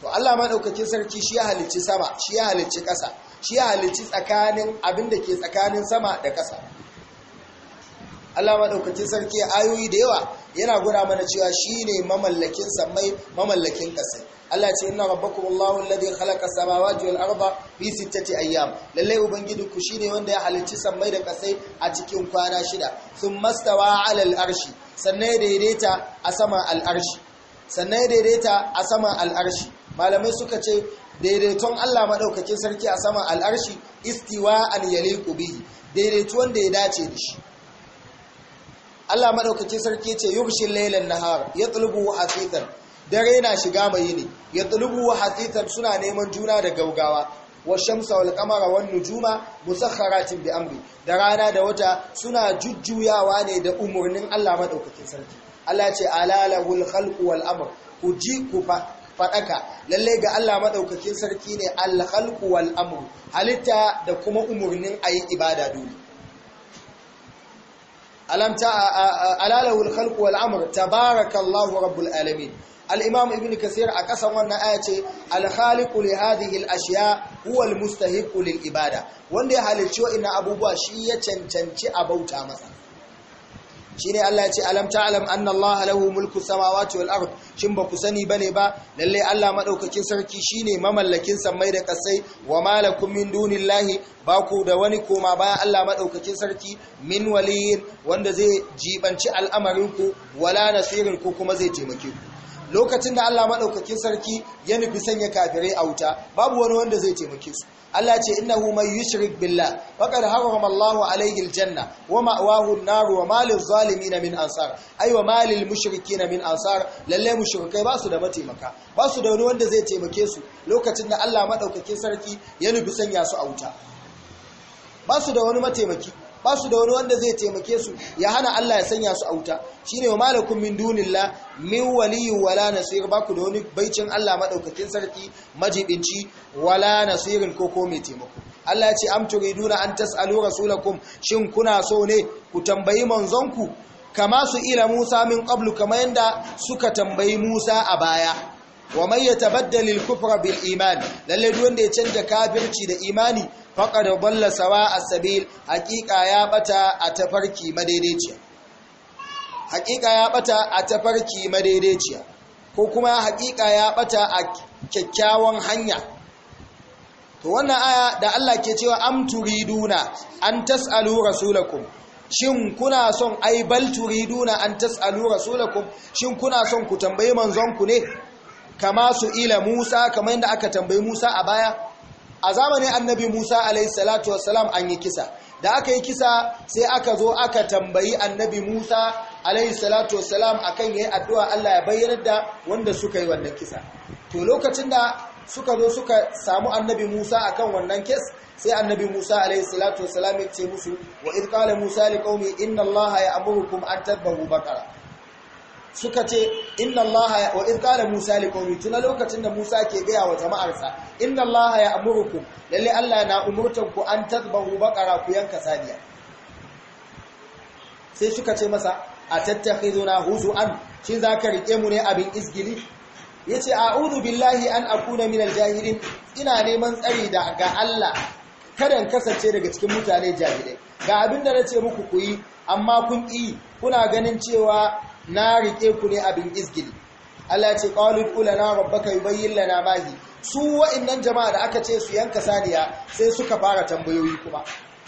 to Allah maɗaukacin sarki shi ya halicci sama shi ya halicci ƙasa shi ya halicci tsakanin abin ke tsakanin sama da ƙasa Allah maɗaukacin sarki ayoyi da yawa yana gura mana cewa shi ne mamallakin samai mamallakin ƙasai Allah ce inna rabbakum Allahu alladhi khalaqa samawati wal arda fi sittati ayyam lalle ubangiji ku shine wanda ya halicci sammai da kasai a cikin kwana shida thumma stawa arshi sannan ya daidaita a sama al arshi sannan ya daidaita a sama al arshi malamai suka ce daidaiton Allah madaukakin sarki a sama al arshi istiwa an yaliqu bihi ya dace da shi Allah madaukakin sarki ce yubshil laylan nahar yatlubu hasithan dare na shiga mai yini ya tulubu wa hatitan suna neman juna da gaugawa wa shamsa wal qamara wan nujuma musakharatin bi amri da rana da wata suna jujjuyawa ne da umurnin Allah madaukakin sarki Allah ce alalahul khalqu wal amr ku ji ku fadaka lalle ga Allah madaukakin sarki ne al khalqu wal amr halitta da kuma umurnin ayi ibada dole alam ta alalahul khalqu wal amr tabarakallahu rabbul alamin al-imam ibn kasir a kasan wannan aya ce al-khaliqu li hadhihi al-ashya lil ibada wanda ya halicci wa'ina abubuwa shi ya cancanci a bauta masa shine Allah ya ce alam ta'lam Allah lahu mulku samawati wal ard shin ba ku sani bane ba lalle Allah madaukakin sarki shine mamallakin samai da kasai wa malakum min dunillahi ba ku da wani koma bayan Allah madaukakin sarki min waliyin wanda zai jibanci al'amarin ku wala nasirin ku kuma zai taimake ku lokacin da Allah maɗaukakin sarki ya nufi sanya kafirai a wuta babu wani wanda zai taimake su Allah ce innahu may yushrik billah faqad harrama Allahu alayhi aljanna wa ma'wahu an-nar wa ma lil-zalimin min ansar ay wa ma lil-mushrikin min ansar lalle mushrikai ba su da mataimaka ba su da wani wanda zai taimake su lokacin da Allah maɗaukakin sarki ya nufi sanya su a wuta ba su da wani mataimaki ba su da wani wanda zai taimake su ya hana Allah ya sanya su a auta ne wa malakun min dunilla min waliyu wala nasir ba ku da wani baicin Allah maɗaukakin sarki majibinci wala nasirin ko kome taimako Allah ya ce am turiduna an tasalu rasulakum shin kuna so ne ku tambayi manzonku kama su ila Musa min qablu kamar yanda suka tambayi Musa a baya wa man yatabaddal al-kufra bil iman lalle duk wanda ya canja kafirci da imani faqad dalla sawa as-sabil haqiqa ya bata a tafarki madaidaiciya haqiqa ya bata a tafarki madaidaiciya ko kuma haqiqa ya bata a kyakkyawan hanya to wannan aya da Allah ke cewa am turiduna an tasalu rasulakum shin kuna son ai bal turiduna an tasalu rasulakum shin kuna son ku tambayi manzon ku ne kama su ila Musa kamar yadda aka tambayi Musa a baya a zamanin annabi Musa alaihi salatu wassalam an yi kisa da aka yi kisa sai aka zo aka tambayi annabi Musa alaihi salatu wassalam akan yayi addu'a Allah ya bayyana da wanda suka yi wannan kisa to lokacin da suka zo suka samu annabi Musa akan wannan kes sai annabi Musa alaihi salatu wassalam ya ce musu wa id qala Musa liqaumi inna Allah ya'murukum an tadhbahu baqara suka ce inna Allah wa in Musa liqawmi tuna lokacin da Musa ke gaya wa jama'arsa inna Allah ya amurukum lalle Allah na umurtan ku an tadbahu baqara ku yanka saniya sai suka ce masa huzu an, shi zaka rike mu ne abin isgili yace a'udhu billahi an akuna min jahilin ina neman tsari da ga Allah kadan kasance daga cikin mutane jahilai ga abin da nace muku ku yi amma kun yi kuna ganin cewa na rike ku ne abin izgili Allah ce qalu ulana rabbaka yubayyin lana mahi su wa'annan jama'a da aka ce su yanka saniya sai suka fara tambayoyi kuma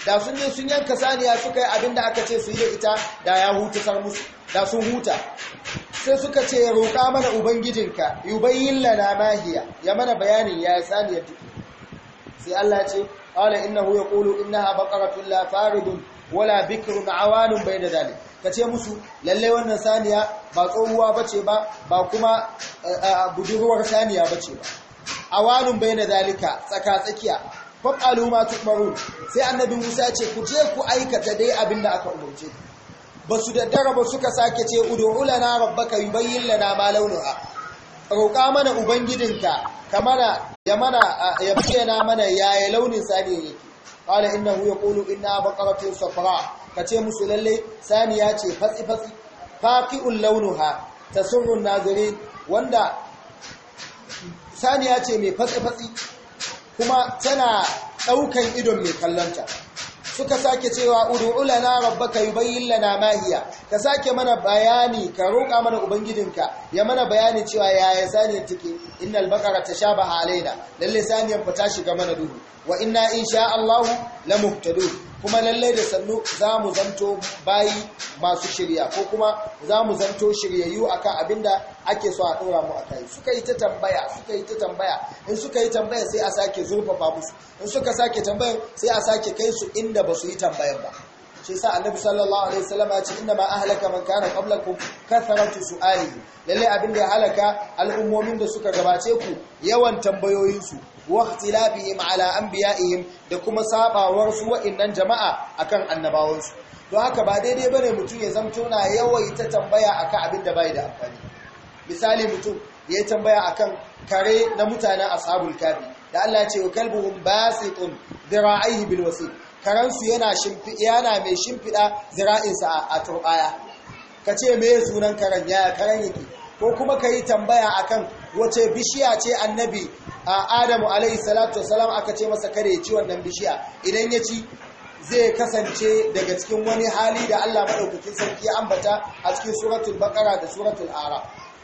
da sun je sun yanka saniya suka yi abin da aka ce su yi ita da ya huta sar musu da sun huta sai suka ce ya roƙa mana ubangijinka yubayyin lana mahiya ya mana bayanin ya saniya duk sai Allah ce qala innahu yaqulu innaha baqaratun la faridun wala bikrun awanun bayna dhalik ka ce musu lalle wannan saniya ba tsohuwa bace ba ba kuma eh, budurwar saniya bace ba bai bayna zalika tsaka tsakiya faqalu ma tukmarun sai annabi Musa ce ku je ku aikata dai abin da aka umarce Ba su da ba suka sake ce ud'u lana rabbaka yubayyin lana ma launuha roƙa mana ubangijinka kamana ya mana ya bayyana mana yaya launin saniya yake qala innahu yaqulu inna baqaratun safra kace musu lalle saniya ce fatsi fatsi faqi'ul launuha tasurru nazirin wanda saniya ce mai fatsi fatsi kuma tana daukan idon mai kallonta suka sake cewa ud'u ula ka rabbaka yubayyin lana ma hiya ka sake mana bayani ka roƙa mana ubangidinka ya mana bayani cewa yaya saniyar take innal baqara tashabaha alaina lalle saniyar fa ta shiga mana duhu wa inna insha Allah la muhtadun kuma lalle da sannu za mu zanto bayi masu shirya ko kuma zamu zanto shiryayyu akan abinda ake so a ɗora mu a kai suka yi ta tambaya suka yi ta tambaya in suka yi tambaya sai a sake zurfafa musu in suka sake tambaya sai a sake kai su inda basu yi tambayar ba shi yasa annabi sallallahu alaihi wasallam ya ce inna ma ahlaka man kana qablakum kathratu su'alihi lalle abin da ya halaka al'ummomin da suka gabace ku yawan tambayoyin su wa ikhtilafihim ala anbiya'ihim da kuma sabawar su nan jama'a akan annabawansu don haka ba daidai bane mutum ya zamto na yawaita tambaya akan abin da bai da amfani misali mutum ya yi tambaya akan kare na mutanen ashabul kafi da Allah ya ce wa kalbuhum basitun dira'aihi bil wasil karansu yana shimfi yana mai shimfiɗa zira'insa a turbaya kace me sunan karan ya karan yake ko kuma ka yi tambaya akan wace bishiya ce annabi a adamu alaihi salatu salam aka ce masa kare ya ci wannan bishiya idan ya ci zai kasance daga cikin wani hali da allah maɗaukakin sarki ya ambata a cikin suratul bakara da suratul ara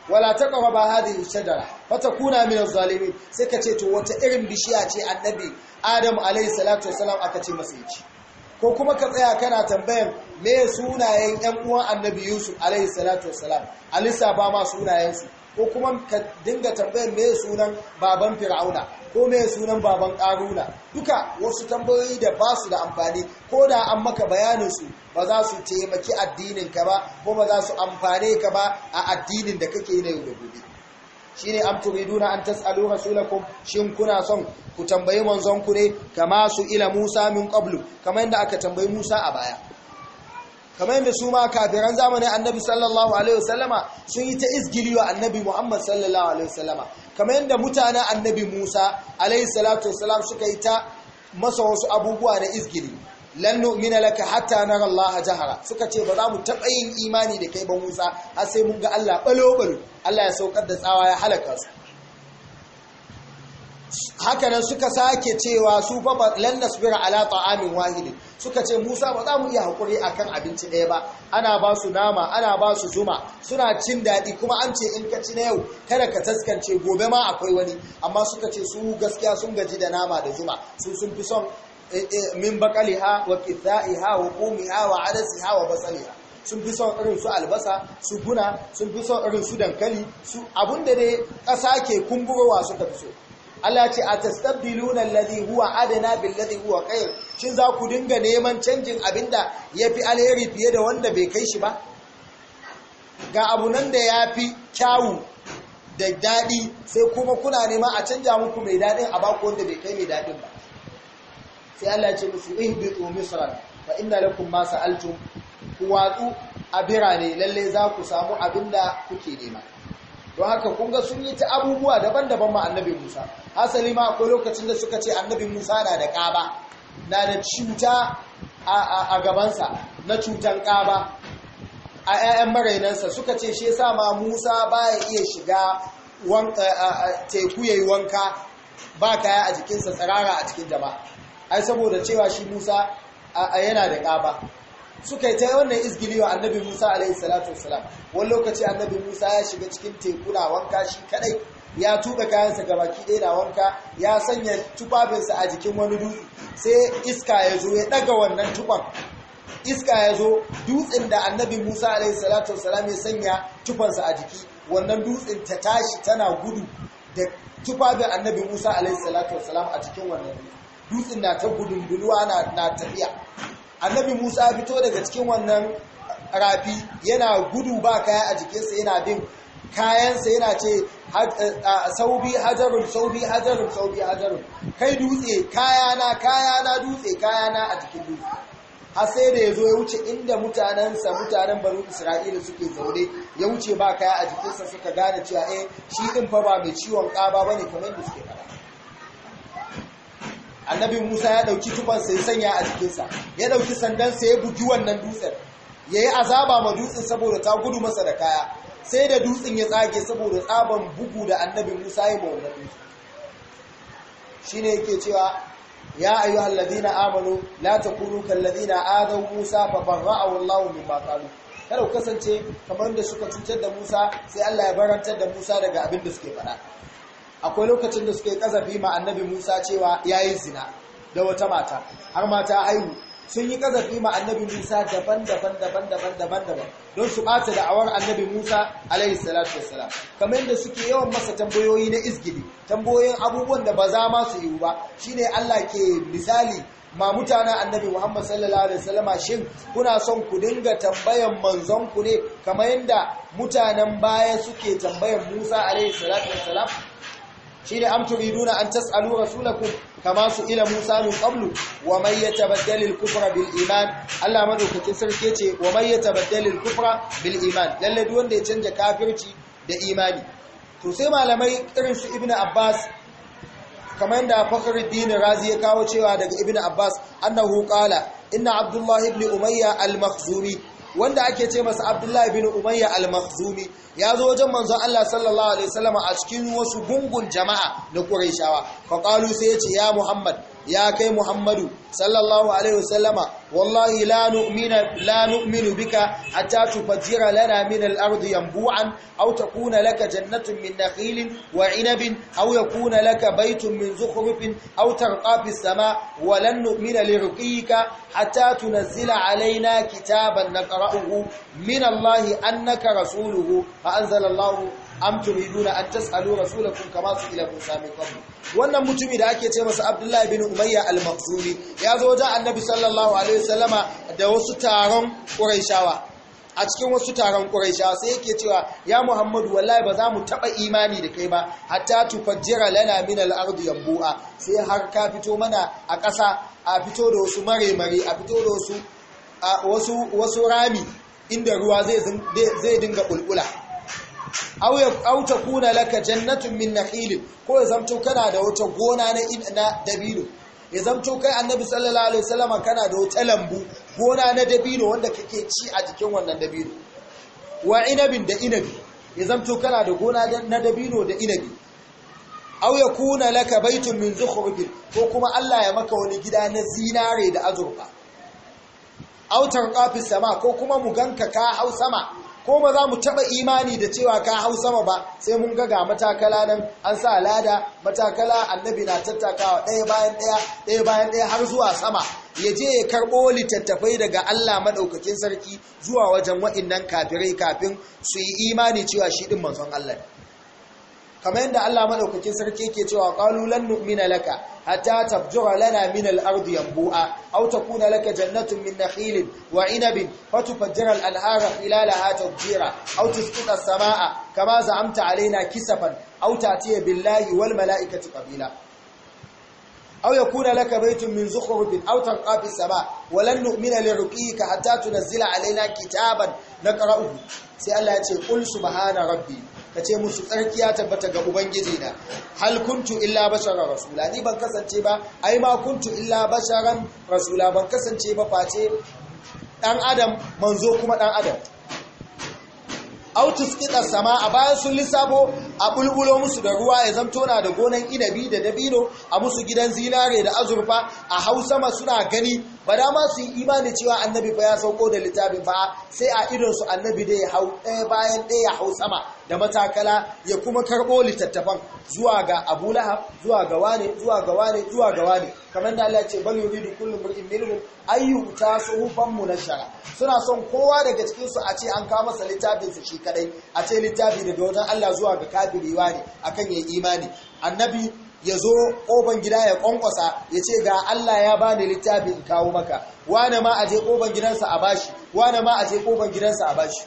wala taqraba hadhihi shajara fatakuna min az-zalimin sai ce to wata irin bishiya ce annabi adam alayhi salatu wasalam aka ce masa yaci ko kuma ka tsaya kana tambayan me sunayen yan uwan annabi yusuf alayhi salatu wasalam alisa ba ma sunayensu ko kuma ka dinga tambayar me sunan baban fir'auna ko me sunan baban ƙaruna duka wasu tambayoyi da ba su da amfani ko da an maka bayanin su ba za su taimaki addinin ka ba ko ba za su amfane ka ba a addinin da kake na yau da gobe Shi shine am turiduna an tasalu rasulakum shin kuna son ku tambayi manzon ku ne kama su ila Musa min qablu kamar yadda aka tambayi Musa a baya kamar yadda su ma kafiran zamanin annabi sallallahu alaihi wasallama sun yi ta izgiri wa annabi muhammad sallallahu alaihi wasallama kamar yadda mutanen annabi musa alaihi salatu wasallam suka yi ta masa wasu abubuwa da izgiri lannu mina laka hatta nara Allah jahara suka ce ba za mu taɓa yin imani da kai ba Musa har sai mun ga Allah balo balo Allah ya saukar da tsawa ya halaka su hakanan suka sake cewa su fa lan nasbira ala ta'amin wahid suka ce Musa ba za mu iya hakuri akan abinci ɗaya ba ana ba su nama ana ba su zuma suna cin daɗi kuma an ce in ka ci na yau kada ka taskance gobe ma akwai wani amma suka ce su gaskiya sun gaji da nama da zuma su sun fi son eh, eh, min bakaliha wa qithaiha wa qumiha wa adasiha wa basaliha sun fi son irin su albasa su guna sun fi son irin su dankali su abinda dai ƙasa ke kumburowa suka fi so Allah ce atastabdiluna alladhi huwa adana billadhi huwa khair shin za ku dinga neman canjin abinda yafi alheri fiye da wanda bai kai shi ba ga abu nan da ya fi kyawu da daɗi sai kuma kuna nema a canja muku mai dadin a baku wanda bai kai mai dadin ba sai Allah ya ce musu ihbitu misran fa inna lakum ma sa'altum ku watsu a birane lalle za ku samu abinda kuke nema don haka kun ga sun yi ta abubuwa daban-daban ma annabi Musa asali ma akwai lokacin da suka ce annabi Musa na da ƙaba na da cuta a gabansa na cutan ƙaba a 'ya'yan marainansa suka ce shi sa ma Musa baya iya shiga teku ya yi wanka ba kaya a jikinsa tsarara a cikin jama'a ai saboda cewa shi Musa yana da ƙaba suka yi ta yi wannan izgili wa annabi Musa alaihi salatu wassalam wani lokaci annabi Musa ya shiga cikin teku na wanka shi kadai ya tuka kayansa gabaki ɗaya na wanka ya sanya tubabinsa a jikin wani dutse sai iska ya zo ya ɗaga wannan tuban iska ya zo dutsen da annabi Musa alaihi salatu wassalam ya sanya tubansa a jiki wannan dutsen ta tashi tana gudu da tubabin annabi Musa alaihi salatu wassalam a cikin wannan dutsen na ta gudun na tafiya annabi musa fito daga cikin wannan rafi yana gudu ba kaya a jikinsa yana bin kayansa yana ce eh, saubi hajarun saubi hajarun saubi hajarun kai dutse kayana kayana dutse kayana a jikin dutse har sai da ya zo ya wuce inda mutanensa mutanen banu isra'ila suke zaune ya wuce ba kaya a jikinsa suka gane cewa eh shi din fa ba mai ciwon ƙaba ne kamar da suke kara annabi Musa ya dauki tufan sai sanya a jikinsa ya dauki sandan sai ya bugi wannan dutsen yayi azaba ma dutsen saboda ta gudu masa da kaya sai da dutsen ya tsage saboda tsaban bugu da annabi Musa ya ma wannan dutsen shine yake cewa ya ayyuhal ladina amanu la takunu kal ladina adon Musa fa ra'awun lawon mimma qalu kada ku kasance kamar da suka cutar da Musa sai Allah ya barantar da Musa daga abin da suke faɗa akwai lokacin da suka yi kazafi ma annabi Musa cewa yayi zina da wata mata har mata haihu sun yi kazafi ma annabi Musa daban-daban daban-daban daban-daban don su bata awar annabi Musa alaihi salatu wassalam kamar yadda suke yawan masa tambayoyi na izgidi tambayoyin abubuwan da ba za ma su yi ba shine Allah ke misali ma mutanen annabi Muhammad sallallahu alaihi wasallama shin kuna son ku dinga tambayan manzon ku ne kamar yadda mutanen baya suke tambayan Musa alaihi salatu wassalam shine am turiduna an tasalu rasulakum kama su ila Musa min qablu wa man yatabaddal kufra bil iman Allah madaukakin sarki ce wa man yatabaddal kufra bil iman lalle duk wanda ya canja kafirci da imani to sai malamai irin su Ibn Abbas kamar da Fakhruddin Razi ya kawo cewa daga Ibn Abbas annahu qala inna Abdullah ibn Umayya al-Makhzumi wanda ake ce masa abdullahi bin umayya al-makhzumi ya zo wajen manzon Allah sallallahu alaihi wasallam a cikin wasu gungun jama'a na quraishawa fa qalu sai ya ce ya muhammad ya kai muhammadu sallallahu alaihi wasallama wallahi la nu'mina la nu'minu bika hatta tufajjira lana min al-ardi yanbu'an aw takuna laka jannatun min nakhilin wa 'inabin aw yakuna laka baytun min zukhrufin aw tarqa fis sama wa lan nu'mina lirqika hatta tunzila alaina kitaban naqra'uhu min allahi annaka rasuluhu fa anzala am turiduna an tasalu rasulakum kama su ila musa min qabl wannan mutumi da ake ce masa abdullahi bin umayya al maqsuri ya zo da annabi sallallahu alaihi wasallama da wasu taron quraishawa a cikin wasu taron quraishawa sai yake cewa ya muhammadu wallahi ba za mu taba imani da kai ba hatta tufajjira lana min al-ardi yanbu'a sai har ka fito mana a ƙasa a fito da wasu mare-mare a fito da wasu wasu rami inda ruwa zai dinga bulbula aw aw takuna laka jannatun min nahil ko ya zamto kana da wata gona na na dabino ya zamto kai annabi sallallahu alaihi wasallam kana da wata lambu gona na dabino wanda kake ci a jikin wannan dabino wa inabin da inabi ya zamto kana da gona na dabino da inabi aw yakuna laka baitun min zukhrubin ko kuma Allah ya maka wani gida na zinare da azurfa autar kafin sama ko kuma mu ganka ka hau sama ko ba za mu taɓa imani da cewa ka hau sama ba sai mun ga ga matakala nan an sa lada matakala annabi na tattakawa ɗaya bayan ɗaya ɗaya bayan ɗaya har zuwa sama ya je ya karɓo littattafai daga Allah maɗaukakin sarki zuwa wajen waɗannan kafirai kafin su yi imani cewa shi ɗin manzon Allah ne kamar yadda Allah madaukakin sarki yake cewa qalu lan nu'mina laka hatta tabjura lana min al-ardi yanbu'a aw takuna laka jannatun min nakhilin wa 'inabin fatufajjira al-anhara khilalaha tafjira aw tusqita as-samaa'a kama za'amta 'alaina kisafan aw ta'tiya billahi wal mala'ikati qabila أو يكون لك بيت من زخرف أو ترقى في السماء ولن نؤمن لرقيك حتى تنزل علينا كتابا نقرأه سأل ce قل سبحان ربي ka ce musu tsarki ya tabbata ga ubangiji na hal kuntu illa basharan rasula ni ban kasance ba ai ma kuntu illa basharan rasula ban kasance ba face dan adam manzo kuma dan adam aw tusqita sama a bayan sun lissafo a bulbulo musu da ruwa ya zamto na da gonan inabi da dabino a musu gidan zinare da azurfa a hausa ma suna gani ba da ma su yi imani cewa annabi ba ya sauko da littafin ba sai a idon su annabi da ya hau ɗaya bayan ɗaya ya hau sama da matakala ya kuma karɓo littattafan zuwa ga abu lahab zuwa ga wane zuwa ga wane zuwa ga wane kamar da Allah ce bal yuridu kullu mar'in minhum ayyuta suhufan munashara suna son kowa daga cikin a ce an kawo masa littafin su shi kadai a ce littafi daga wajen Allah zuwa ga kafiri wane akan yayi imani annabi ya zo ƙofan gida ya ƙwanƙwasa ya ce ga Allah ya ba ni littafi in kawo maka wane ma a je ƙofan gidansa a bashi wane ma a je gidansa a bashi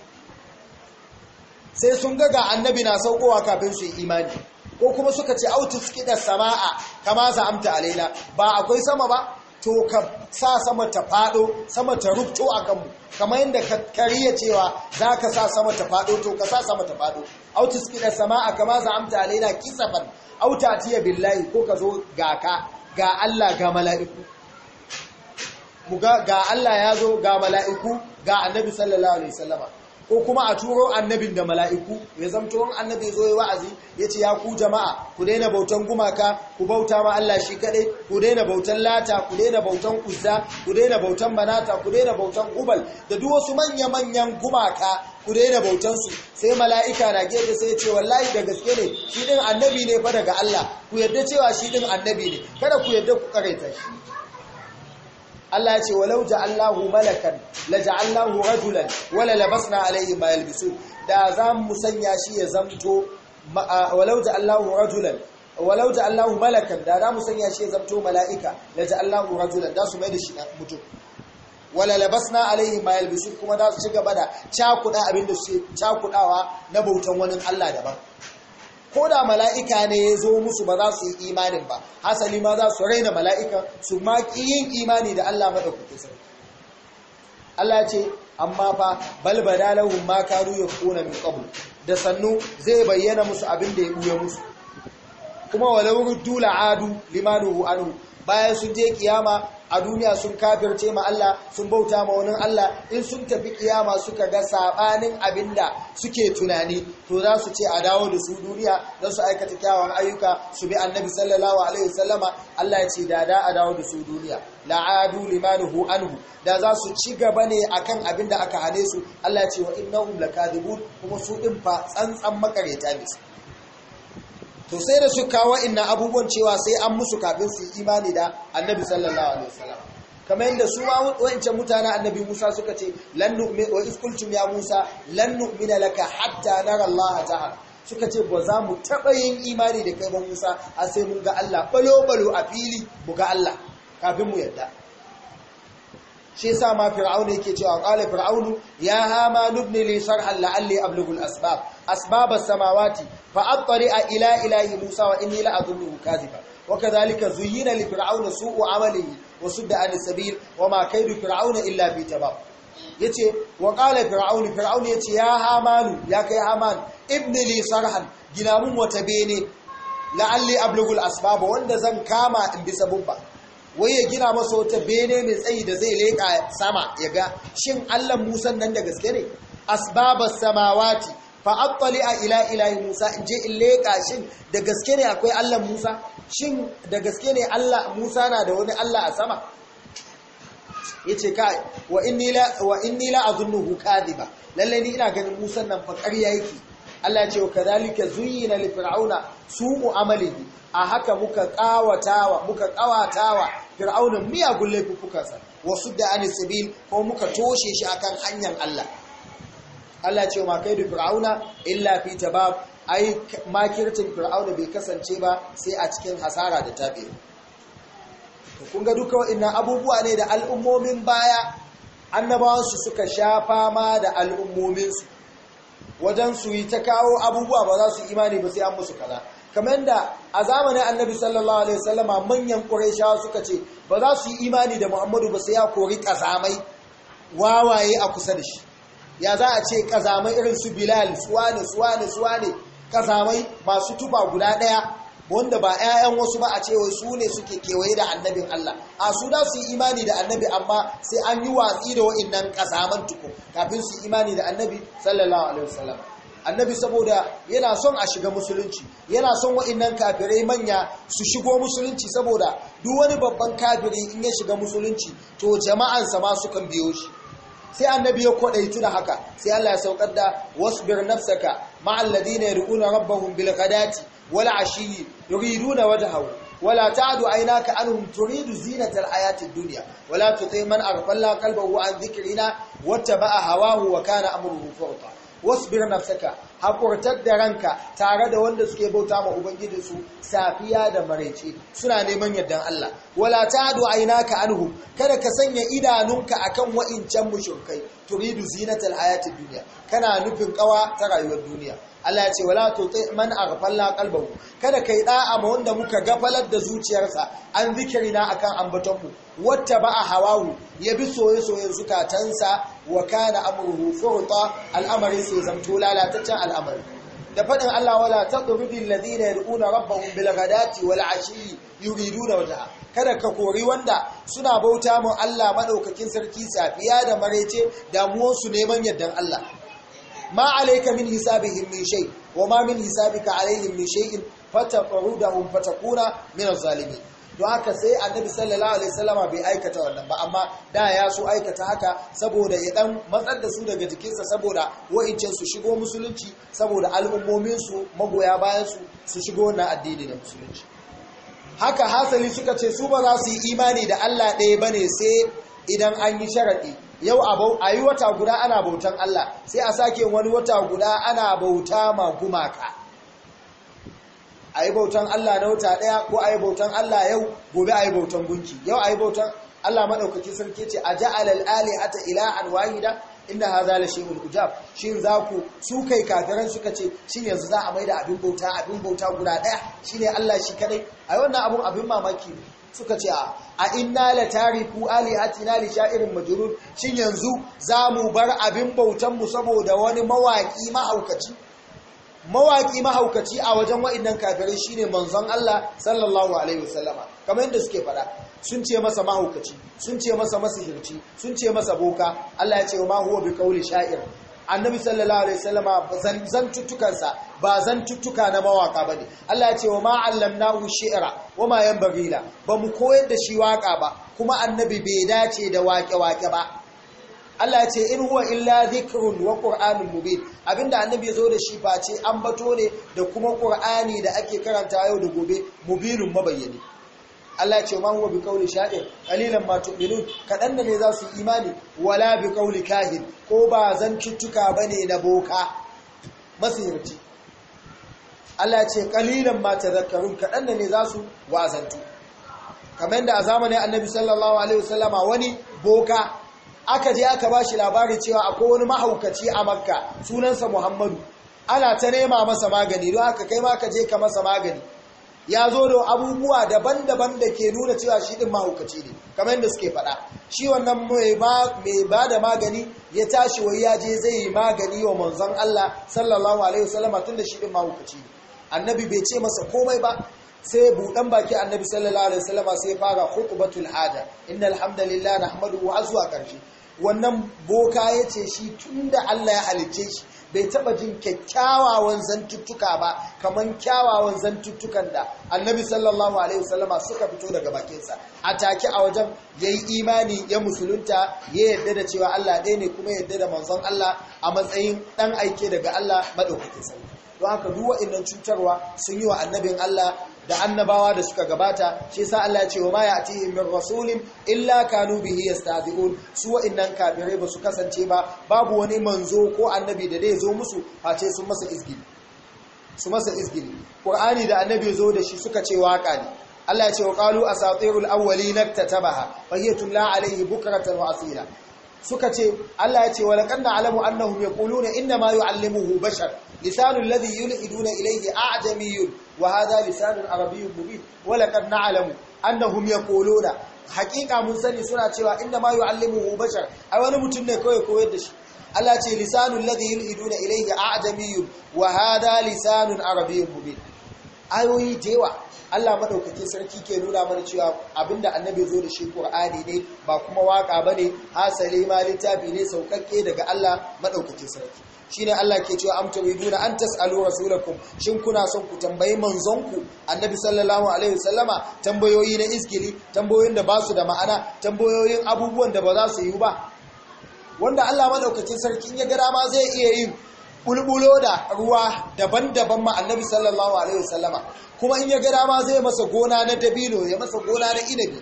sai sun ga ga annabi na saukowa kafin su yi imani ko kuma suka ce autus kiɗa sama'a kama za a alaina ba akwai sama ba to ka sa sama ta faɗo sama ta rukto a kanmu kamar yadda ka kariya cewa za ka sa sama ta fado to ka sa sama ta fado autis kiɗa sama a kama za amta alaina kisafan auta tiya billahi ko ka zo ga ka ga Allah ga mala'iku ga Allah ya zo ga mala'iku ga annabi sallallahu alaihi wasallama ko kuma a turo annabin da mala'iku ya zamto wani annabi zo ya wa'azi ya ce ya ku jama'a ku daina bautan gumaka ku bauta ma Allah shi kaɗai ku daina bautan lata ku daina bautan uzza ku daina bautan manata ku daina bautan ubal da duk wasu manya-manyan gumaka ku daina bautansu sai mala'ika na gefe sai ce wallahi da gaske ne shi ɗin annabi ne fa daga Allah ku yarda cewa shi ɗin annabi ne kada ku yarda ku karaita shi Allah ya ce walau ja'allahu malakan la ja'allahu rajulan wala labasna alayhi ma yalbisun da shi ya zamto walau ja'allahu rajulan walau ja'allahu malakan da za mu sanya shi ya zamto mala'ika la ja'allahu rajulan da su mai da shi mutum wala labasna alaihi ma yalbisun kuma da su ci gaba da cakuda abin su cakudawa na bautan wani Allah daban ko da mala'ika ne ya zo musu ba za su yi imanin ba hasali ma za su raina mala'ika su ma yin imani da Allah maɗa maɗaukaki sarki Allah ce amma fa balbada lahun makaru ya ƙona min ƙabu, da sannu zai bayyana musu abin da ya buya musu kuma walau adu la'adu limanuhu anu bayan sun je kiyama a duniya sun kafirce ma Allah sun bauta ma wani Allah in sun tafi kiyama suka ga sabanin da suke tunani to za su ce a dawo da su duniya don su aikata kyawun ayyuka su bi annabi sallallahu alaihi wasallama Allah ya ce da da a dawo da su duniya la'adu limanuhu anhu da za su ci gaba ne akan abinda aka hane su Allah ya ce wa innahum lakadibun kuma su din fa tsantsan makareta ne su to sai da su kawo ina abubuwan cewa sai an musu kafin su yi imani da annabi sallallahu alaihi wasallam kamar yadda su wancan mutanen annabi Musa suka ce lannu me wa iskultum ya Musa lannu mina laka hatta nara Allah ta'ala suka ce ba za mu taɓa yin imani da kai ba Musa a sai mun ga Allah balo-balo a fili mu ga Allah kafin mu yadda shi sa ma fir'auna yake cewa qala fir'aunu ya hama nubni li sharhan la'alli ablughu al-asbab asbab as-samawati فأطرئ إلى إله موسى وإني لأظنه كاذبا وكذلك زين لفرعون سوء عمله وصد عن السبيل وما كيد فرعون إلا في تباب yace wa qala fir'aun fir'aun yace ya hamanu ya kai haman ibni li sarhan gina mun wata bene la'alli ablugul asbab wanda zan kama in bi sabubba wai ya gina masa wata bene mai tsayi da zai leka sama ya ga shin Allah Musa nan da gaske ne asbabas samawati fa a ila Musa in je in leƙa. shin da gaske ne akwai Allah Musa shin da gaske ne Allah Musa na da wani Allah a sama ce, kai wa in nila a zunnu la di ba. Lallai ni ina ganin Musa nan fakar ƙarya yake Allah ya ce wa kadhalika zuyyina li fir'auna su su'u amalihi a haka muka kawatawa muka kawatawa fir'aunan miyagun laifukansa wasu da anisabil ko muka toshe shi akan hanyar Allah Allah ce ma kai da fir'auna illa fi tabab ai makircin fir'auna bai kasance ba sai a cikin hasara da tabe to kun ga duka waɗannan abubuwa ne da al'ummomin baya annabawan su suka sha fama da al'ummomin su wajen su yi ta kawo abubuwa ba za su imani ba sai an musu kaza kamar da a zamanin annabi sallallahu alaihi wasallama manyan quraishawa suka ce ba za su yi imani da muhammadu ba sai ya kori kazamai wawaye a kusa da shi ya za a ce kazamai irin su bilal suwane suwane suwane kazamai masu tufa guda ɗaya wanda ba 'ya'yan wasu ba a ce wai su ne suke kewaye da annabin Allah a su da su yi imani da annabi amma sai an yi watsi da wa'innan kazaman tuku kafin su imani da annabi sallallahu alaihi wasallam annabi saboda yana son a shiga musulunci yana son wa'innan kafirai manya su shigo musulunci saboda duk wani babban kafiri in ya shiga musulunci to jama'ansa ma sukan biyo shi sai annabi ya kwadaitu da haka sai Allah ya saukar da wasbir nafsaka ma alladhina yad'una rabbahum bil ghadati wal ashi yuriduna wajhahu wala ta'du aynaka anhum turidu zinatal hayatid dunya wala tuqi man aghfalna qalbahu an dhikrina wattaba'a hawahu wa kana amruhu furta wasbir nafsaka hakurtar da ranka tare da wanda suke bauta ma ubangiji su safiya da maraice suna neman yardan Allah wala ta'du aynaka anhu kada ka sanya idanunka akan wa'incan mushrikai turidu zinatal hayatid dunya kana nufin kawa ta rayuwar duniya Allah ya ce wala tuti man aghfala qalbahu kada kai da'a ma wanda muka gafalar da zuciyarsa an zikirina akan ambatonmu wata ba a hawawu ya bi soye-soyen zukatansa wa kana amruhu furta al'amari sai zamto lalataccen al'amari da fadin Allah wala taqrubil ladina yad'una rabbahum bil ghadati wal ashi yuriduna wajha kada ka kori wanda suna bauta mun Allah madaukakin sarki safiya da marece damuwar su neman yaddan Allah ma alayka min hisabihim min shay wa ma min hisabika alayhim min shay'in fataqrudahum fatakuna min az-zalimin don haka sai annabi sallallahu alaihi wasallama bai aikata wannan ba amma da ya so aikata haka saboda ya dan matsar da su daga jikinsa saboda wa'incin su shigo musulunci saboda al'ummomin su magoya bayan su su shigo na addini da musulunci haka hasali suka ce su ba za su yi imani da Allah ɗaya bane sai idan an yi sharadi yau a yi wata guda ana bautan Allah sai a sake wani wata guda ana bauta ma gumaka a yi bautan Allah na wuta ɗaya ko a yi bautan Allah yau gobe a yi bautan gunki yau a yi bautan Allah maɗaukaki sarki ce a ta al'ali an wayi wahida inda haza la shay'un ujab shin za ku su kai kafiran suka ce shin yanzu za a maida abin bauta abin bauta guda ɗaya ne Allah shi kadai yi wannan abun abin mamaki suka ce a a inna la tariku alihatina lisha irin majrur shin yanzu za mu bar abin bautanmu saboda wani mawaki mahaukaci Mawaƙi mahaukaci a wajen wainnan kafirai shine manzon Allah sallallahu alaihi wasallama kamar yadda suke fada sun ce masa mahaukaci sun ce masa masihirci sun ce masa boka Allah ya ce ma huwa bi qawli sha'ir annabi sallallahu alaihi wasallama zantuttukansa ba tuttuka na mawaka bane Allah ya ce wa ma allamnahu shi'ra wa ma yanbaghi la ba mu koyar da shi waka ba kuma annabi bai dace da wake wake ba Allah ya ce in huwa illa dhikrun wa qur'anun mubin abinda annabi ya zo da shi ba ce bato ne da kuma qur'ani da ake karanta yau da gobe mubinun mabayyani Allah ya ce ma huwa bi qawli sha'ir qalilan ma tu'minun kadan da ne za su imani wala bi qawli kahin ko ba zan zantuttuka bane da boka masirci Allah ya ce qalilan ma tadhakkarun kadan da ne za su wazantu kamar da a zamanin annabi sallallahu alaihi wasallama wani boka aka je aka ba shi labari cewa akwai wani mahaukaci a makka sunansa muhammadu ana ta nema masa magani don aka kai maka je ka masa magani ya zo da abubuwa daban-daban da ke nuna cewa shi din mahaukaci ne kamar yadda suke faɗa shi wannan mai ba da magani ya tashi wai ya je zai yi magani wa manzon Allah sallallahu alaihi wasallam da shi din mahaukaci ne annabi bai ce masa komai ba sai buɗan baki annabi sallallahu alaihi wasallam sai fara hukubatul hada innal hamdalillah nahmaduhu wa azwa karshe wannan boka ya ce shi tun da Allah ya halice shi bai taba jin kyakkyawawan zantuttuka ba kamar kyawawan zantuttukan da annabi sallallahu alaihi wasallama suka fito daga bakinsa a take a wajen yayi imani ya musulunta ya yadda da cewa Allah ɗaya ne kuma yadda da manzon Allah a matsayin ɗan aike daga Allah madaukakin sarki don haka duk wa'annan cutarwa sun yi wa annabin Allah da annabawa da suka gabata shi sa Allah ya ce wa ma ya'tihim min rasulin illa kanu bihi yastahzi'un su wa'annan kafirai ba su kasance ba babu wani manzo ko annabi da zai zo musu face sun masa izgili su masa izgiri qur'ani da annabi zo da shi suka ce waka ne Allah ya ce wa qalu asatirul awwalina tatabaha fa hiya tumla alayhi bukratan wa asila suka ce Allah ya ce wa laqad na'lamu annahum yaquluna inna ma yu'allimuhu bashar lisanu na yulhiduna ilayhi a'jamiyyun wa hadha lisanu arabiyyun mubin wa laqad na'lamu annahum yaquluna hakika mun sani suna cewa inna ma yu'allimuhu bashar ai wani mutum ne kawai koyar da shi Allah ce lisanun ladhi iduna ilayhi a'jamiyyun wa hada lisanun arabiyyun mubin ayoyi dewa Allah madaukakin sarki ke nuna mana cewa abinda annabi zo da shi Qur'ani ne ba kuma waka ne? hasali ma littafi ne saukakke daga Allah madaukakin sarki shine Allah ke cewa am iduna, an tasalu rasulakum shin kuna son ku tambayi manzonku annabi sallallahu alaihi wasallama tambayoyi na iskili tambayoyin da basu da ma'ana tambayoyin abubuwan da ba za su yi ba wanda Allah madaukakin sarki ya gara ma zai iya yin bulbulo da ruwa daban-daban ma annabi sallallahu alaihi wasallama kuma in ya gara ma zai masa gona na dabino ya masa gona na inabi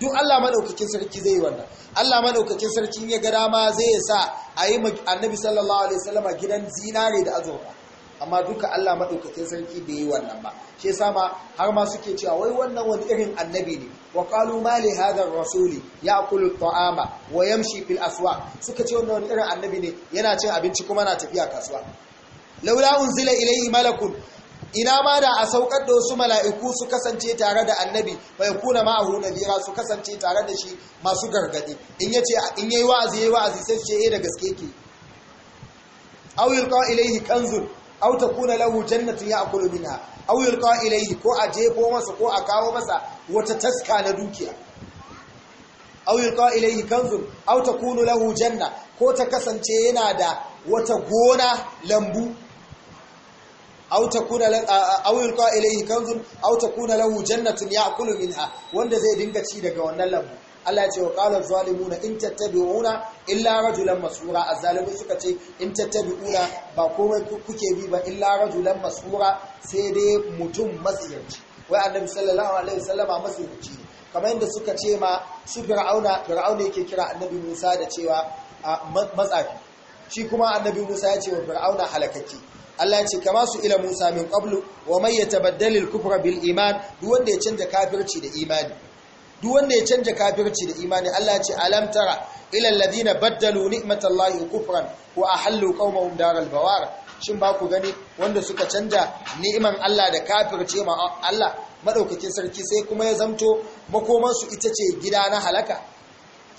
duk Allah madaukakin sarki zai yi wannan Allah madaukakin sarki ya gara ma zai sa a yi annabi sallallahu alaihi wasallama gidan zinare da azurfa amma duka Allah maɗaukacin sarki bai yi wannan ba shi sama har ma suke cewa wai wannan wani irin annabi ne wa qalu ma li hadha rasuli ya'kulu at-ta'ama wa yamshi fil aswaq suka ce wannan wani irin annabi ne yana cin abinci kuma na tafiya kasuwa laula unzila ilayhi malakun ina ma da a saukar da wasu mala'iku su kasance tare da annabi bai kuna ma ma'ahu nadira su kasance tare da shi masu gargadi in yace in yayi wa'azi yayi wa'azi sai ce eh da gaske ke aw yulqa ilayhi kanzun aw takuna lahu ya ya'kulu minha aw yulqa ilayhi ko a jefo masa ko a kawo masa wata taska na dukiya aw yulqa ilayhi kanzun aw takunu lahu janna ko ta kasance yana da wata gona lambu aw takuna aw yulqa ilayhi kanzun aw takuna lahu ya ya'kulu minha wanda zai dinga ci daga wannan lambu Allah ya ce wa qala zalimuna in tattabi'una illa rajulan masura azzalimu suka ce in tattabi'una ba komai kuke bi ba illa rajulan masura sai dai mutum masiyarci wai annabi sallallahu alaihi wasallama masiyarci kamar yadda suka ce ma su fir'auna fir'auna yake kira annabi Musa da cewa matsafi shi kuma annabi Musa ya ce wa fir'auna halakaki Allah ya ce kama su ila Musa min qablu wa may yatabaddal al-kufra bil iman duk wanda ya canza kafirci da imani duk wanda ya canja kafirci da imani Allah ce alam tara ila alladhina baddalu ni'matallahi kufran wa ahallu qaumahum daral bawar shin ba ku gani wanda suka canja ni'iman Allah da kafirce ma Allah madaukakin sarki sai kuma ya zamto makomansu ita ce gida na halaka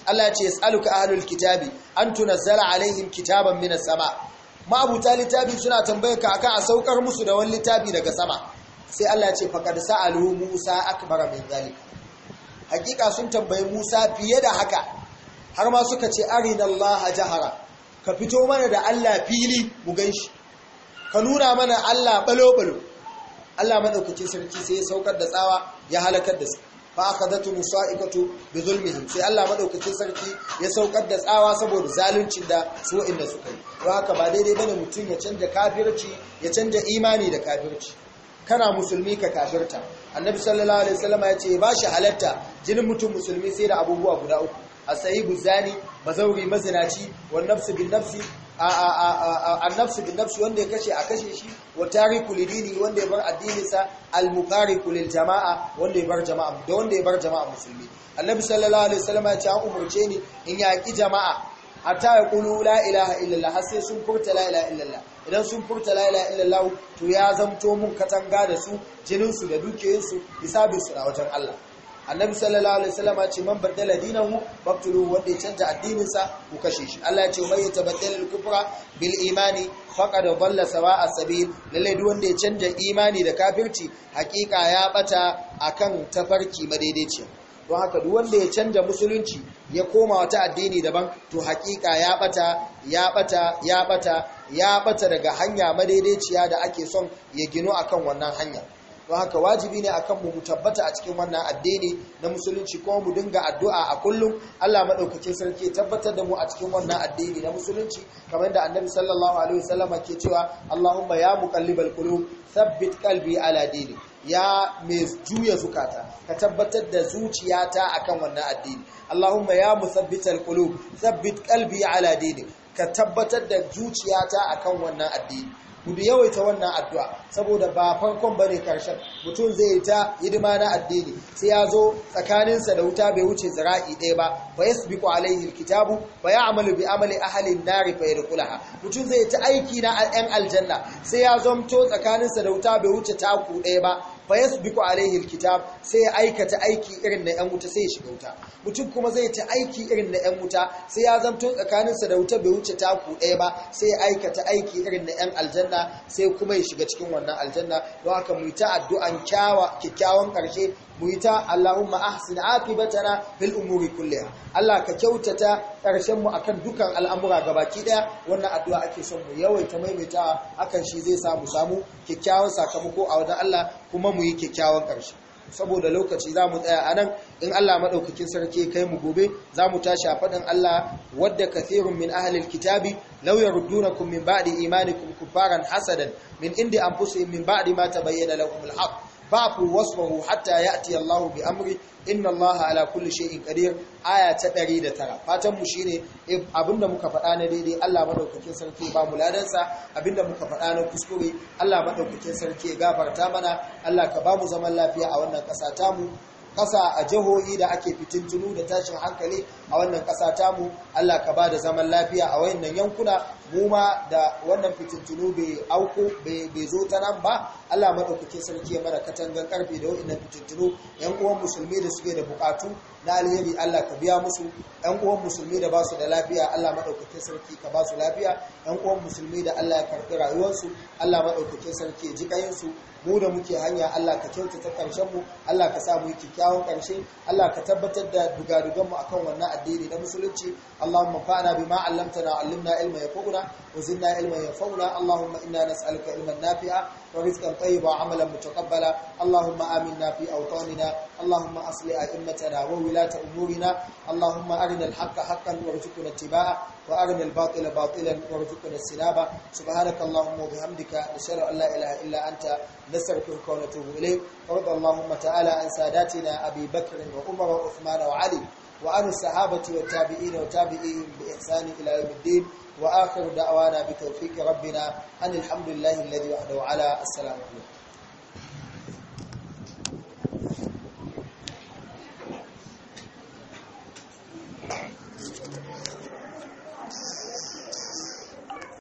Allah ce yas'aluka ahlul kitabi an tunazzala alaihim kitaban minas sama ma'abuta littafi suna tambayar ka akan a saukar musu da wani littafi daga sama sai Allah ce faqad sa'alu Musa akbara min zalika hakika sun tambayi Musa fiye da haka har ma suka ce arinallaha jahara ka fito mana da Allah fili mu ganshi ka nuna mana Allah balo-balo Allah madaukakin sarki sai ya saukar da tsawa ya halakar da su fa akhadathu musa'ikatu bi zulmihi sai Allah madaukakin sarki ya saukar da tsawa saboda zaluncin da su inda suka yi don haka ba daidai bane mutum ya canja kafirci ya canja imani da kafirci kana musulmi ka kafirta annabi sallallahu alaihi wasallam ya ce ba shi halatta jinin mutum musulmi sai da abubuwa guda uku asahibu zani mazauri mazinaci wa nafsu bin nafsi annafsu bin nafsi wanda ya kashe a kashe shi wa tariku lidini wanda ya bar sa al-muqariqu lil jama'a wanda ya bar jama'a da wanda ya bar jama'a musulmi annabi sallallahu alaihi wasallam ya ce an umurce ni in yaqi jama'a hatta qulu la ilaha illallah har sai sun furta la ilaha illallah idan sun furta la'ila illallahu, to ya zamto mun katanga da su jininsu da dukiyinsu isa bin su na wajen Allah annabi sallallahu alaihi wasallam ce man baddala dinahu faqtulu wanda ya canza addininsa, sa ku kashe shi Allah ya ce mai tabaddala al-kufra bil imani faqad dalla sawa'a sabil lalle duk wanda ya canza imani da kafirci hakika ya bata akan tafarki madaidaici don haka duk wanda ya canza musulunci ya koma wata addini daban to hakika ya bata ya bata ya bata ya bata daga hanya madaidaiciya da ake son ya gino akan wannan hanya don haka wajibi ne akan mu tabbata a cikin wannan addini na musulunci kuma mu dinga addu'a a kullum Allah madaukakin sarki tabbatar da mu a cikin wannan addini na musulunci kamar da Annabi sallallahu alaihi wasallam ke cewa Allahumma ya muqallibal qulub thabbit qalbi ala dinik ya mai juya zukata ka tabbatar da zuciyata akan wannan addini Allahumma ya musabbital qulub thabbit qalbi ala dinik ka tabbatar da zuciyata akan wannan addini mu bi yawaita wannan addu'a saboda ba farkon ba ne karshen mutum zai yi ta hidima na addini sai ya zo tsakaninsa da wuta bai wuce zira'i ɗaya ba Ba ya fa yasbiqu alaihi kitabu ba ya amalu bi amali ahalin an-nar da kulaha. mutum zai yi ta aiki na 'yan aljanna sai ya zomto tsakaninsa da wuta bai wuce taku ɗaya ba Fayas yasbiqu alaihi kitab sai ya aikata aiki irin na yan wuta sai ya shiga wuta mutum kuma zai ta aiki irin na yan wuta sai ya zamto tsakaninsa da wuta bai wuce taku ɗaya ba sai ya aikata aiki irin na yan aljanna sai kuma ya shiga cikin wannan aljanna don haka mu yi ta addu'an kyakkyawan karshe mu ta Allahumma ahsin aqibatana bil umuri kulliha Allah ka kyautata Karshen mu akan dukan al'amura gabaki daya wannan addu'a ake son mu yawaita maimaita hakan shi zai sa mu samu kyakkyawan sakamako a wajen Allah kuma mu yi kyakkyawan ƙarshe saboda lokaci za mu tsaya a nan in Allah maɗaukakin sarki ya kai mu gobe za mu tashi a faɗin Allah wadda kathirun min ahalil kitabi law yaruddunakum min ba'di imanikum kufaran hasadan min indi anfusihim min ba'di ma tabayyana lahumul haqq ba'fu wasfahu hatta ya'ti Allah bi amri inna Allah ala kulli shay'in qadir aya ta 109 fatan mu shine eh, abinda muka faɗa na daidai Allah madaukakin sarki ba mu ladansa abinda muka faɗa na kuskure Allah madaukakin sarki ya gafarta mana Allah ka ba mu zaman lafiya a wannan ƙasa tamu ƙasa a jihohi da ake fitintunu da tashin hankali a wannan ƙasa tamu Allah ka ba da zaman lafiya a wayannan yankuna mu ma da wannan fitintunu bai auku bai zo ta nan ba Allah maɗaukake sarki ya mara katangan ƙarfe da wayannan fitintunu yan uwan musulmi da suke da buƙatu na alheri Allah ka biya musu yan uwan musulmi da basu da lafiya Allah maɗaukake sarki ka ba su lafiya yan uwan musulmi da Allah ya karɓi rayuwarsu Allah maɗaukake sarki ya ji ƙayinsu mu da muke hanya Allah ka kyautata ƙarshen mu Allah ka sa mu kyakkyawan ƙarshe Allah ka tabbatar da dugadugan mu akan wannan addini na musulunci Allahumma fa'ana bima 'allamtana 'allimna ilma yanfa'una wa zidna ilma yanfa'una Allahumma inna nas'aluka ilman nafi'a wa rizqan tayyiba wa 'amalan mutaqabbala Allahumma aminna fi awtanina Allahumma asli a'immatana wa wilata umurina Allahumma arina al-haqqa haqqan warzuqna ittiba'a وارنا الباطل باطلا وارزقنا السنابه سبحانك اللهم وبحمدك نشهد ان لا اله الا انت نستغفرك ونتوب اليك وارض اللهم تعالى عن ساداتنا ابي بكر وعمر وعثمان وعلي وعن الصحابه والتابعين وتابعيهم باحسان الى يوم الدين واخر دعوانا بتوفيق ربنا ان الحمد لله الذي وحده على السلام عليكم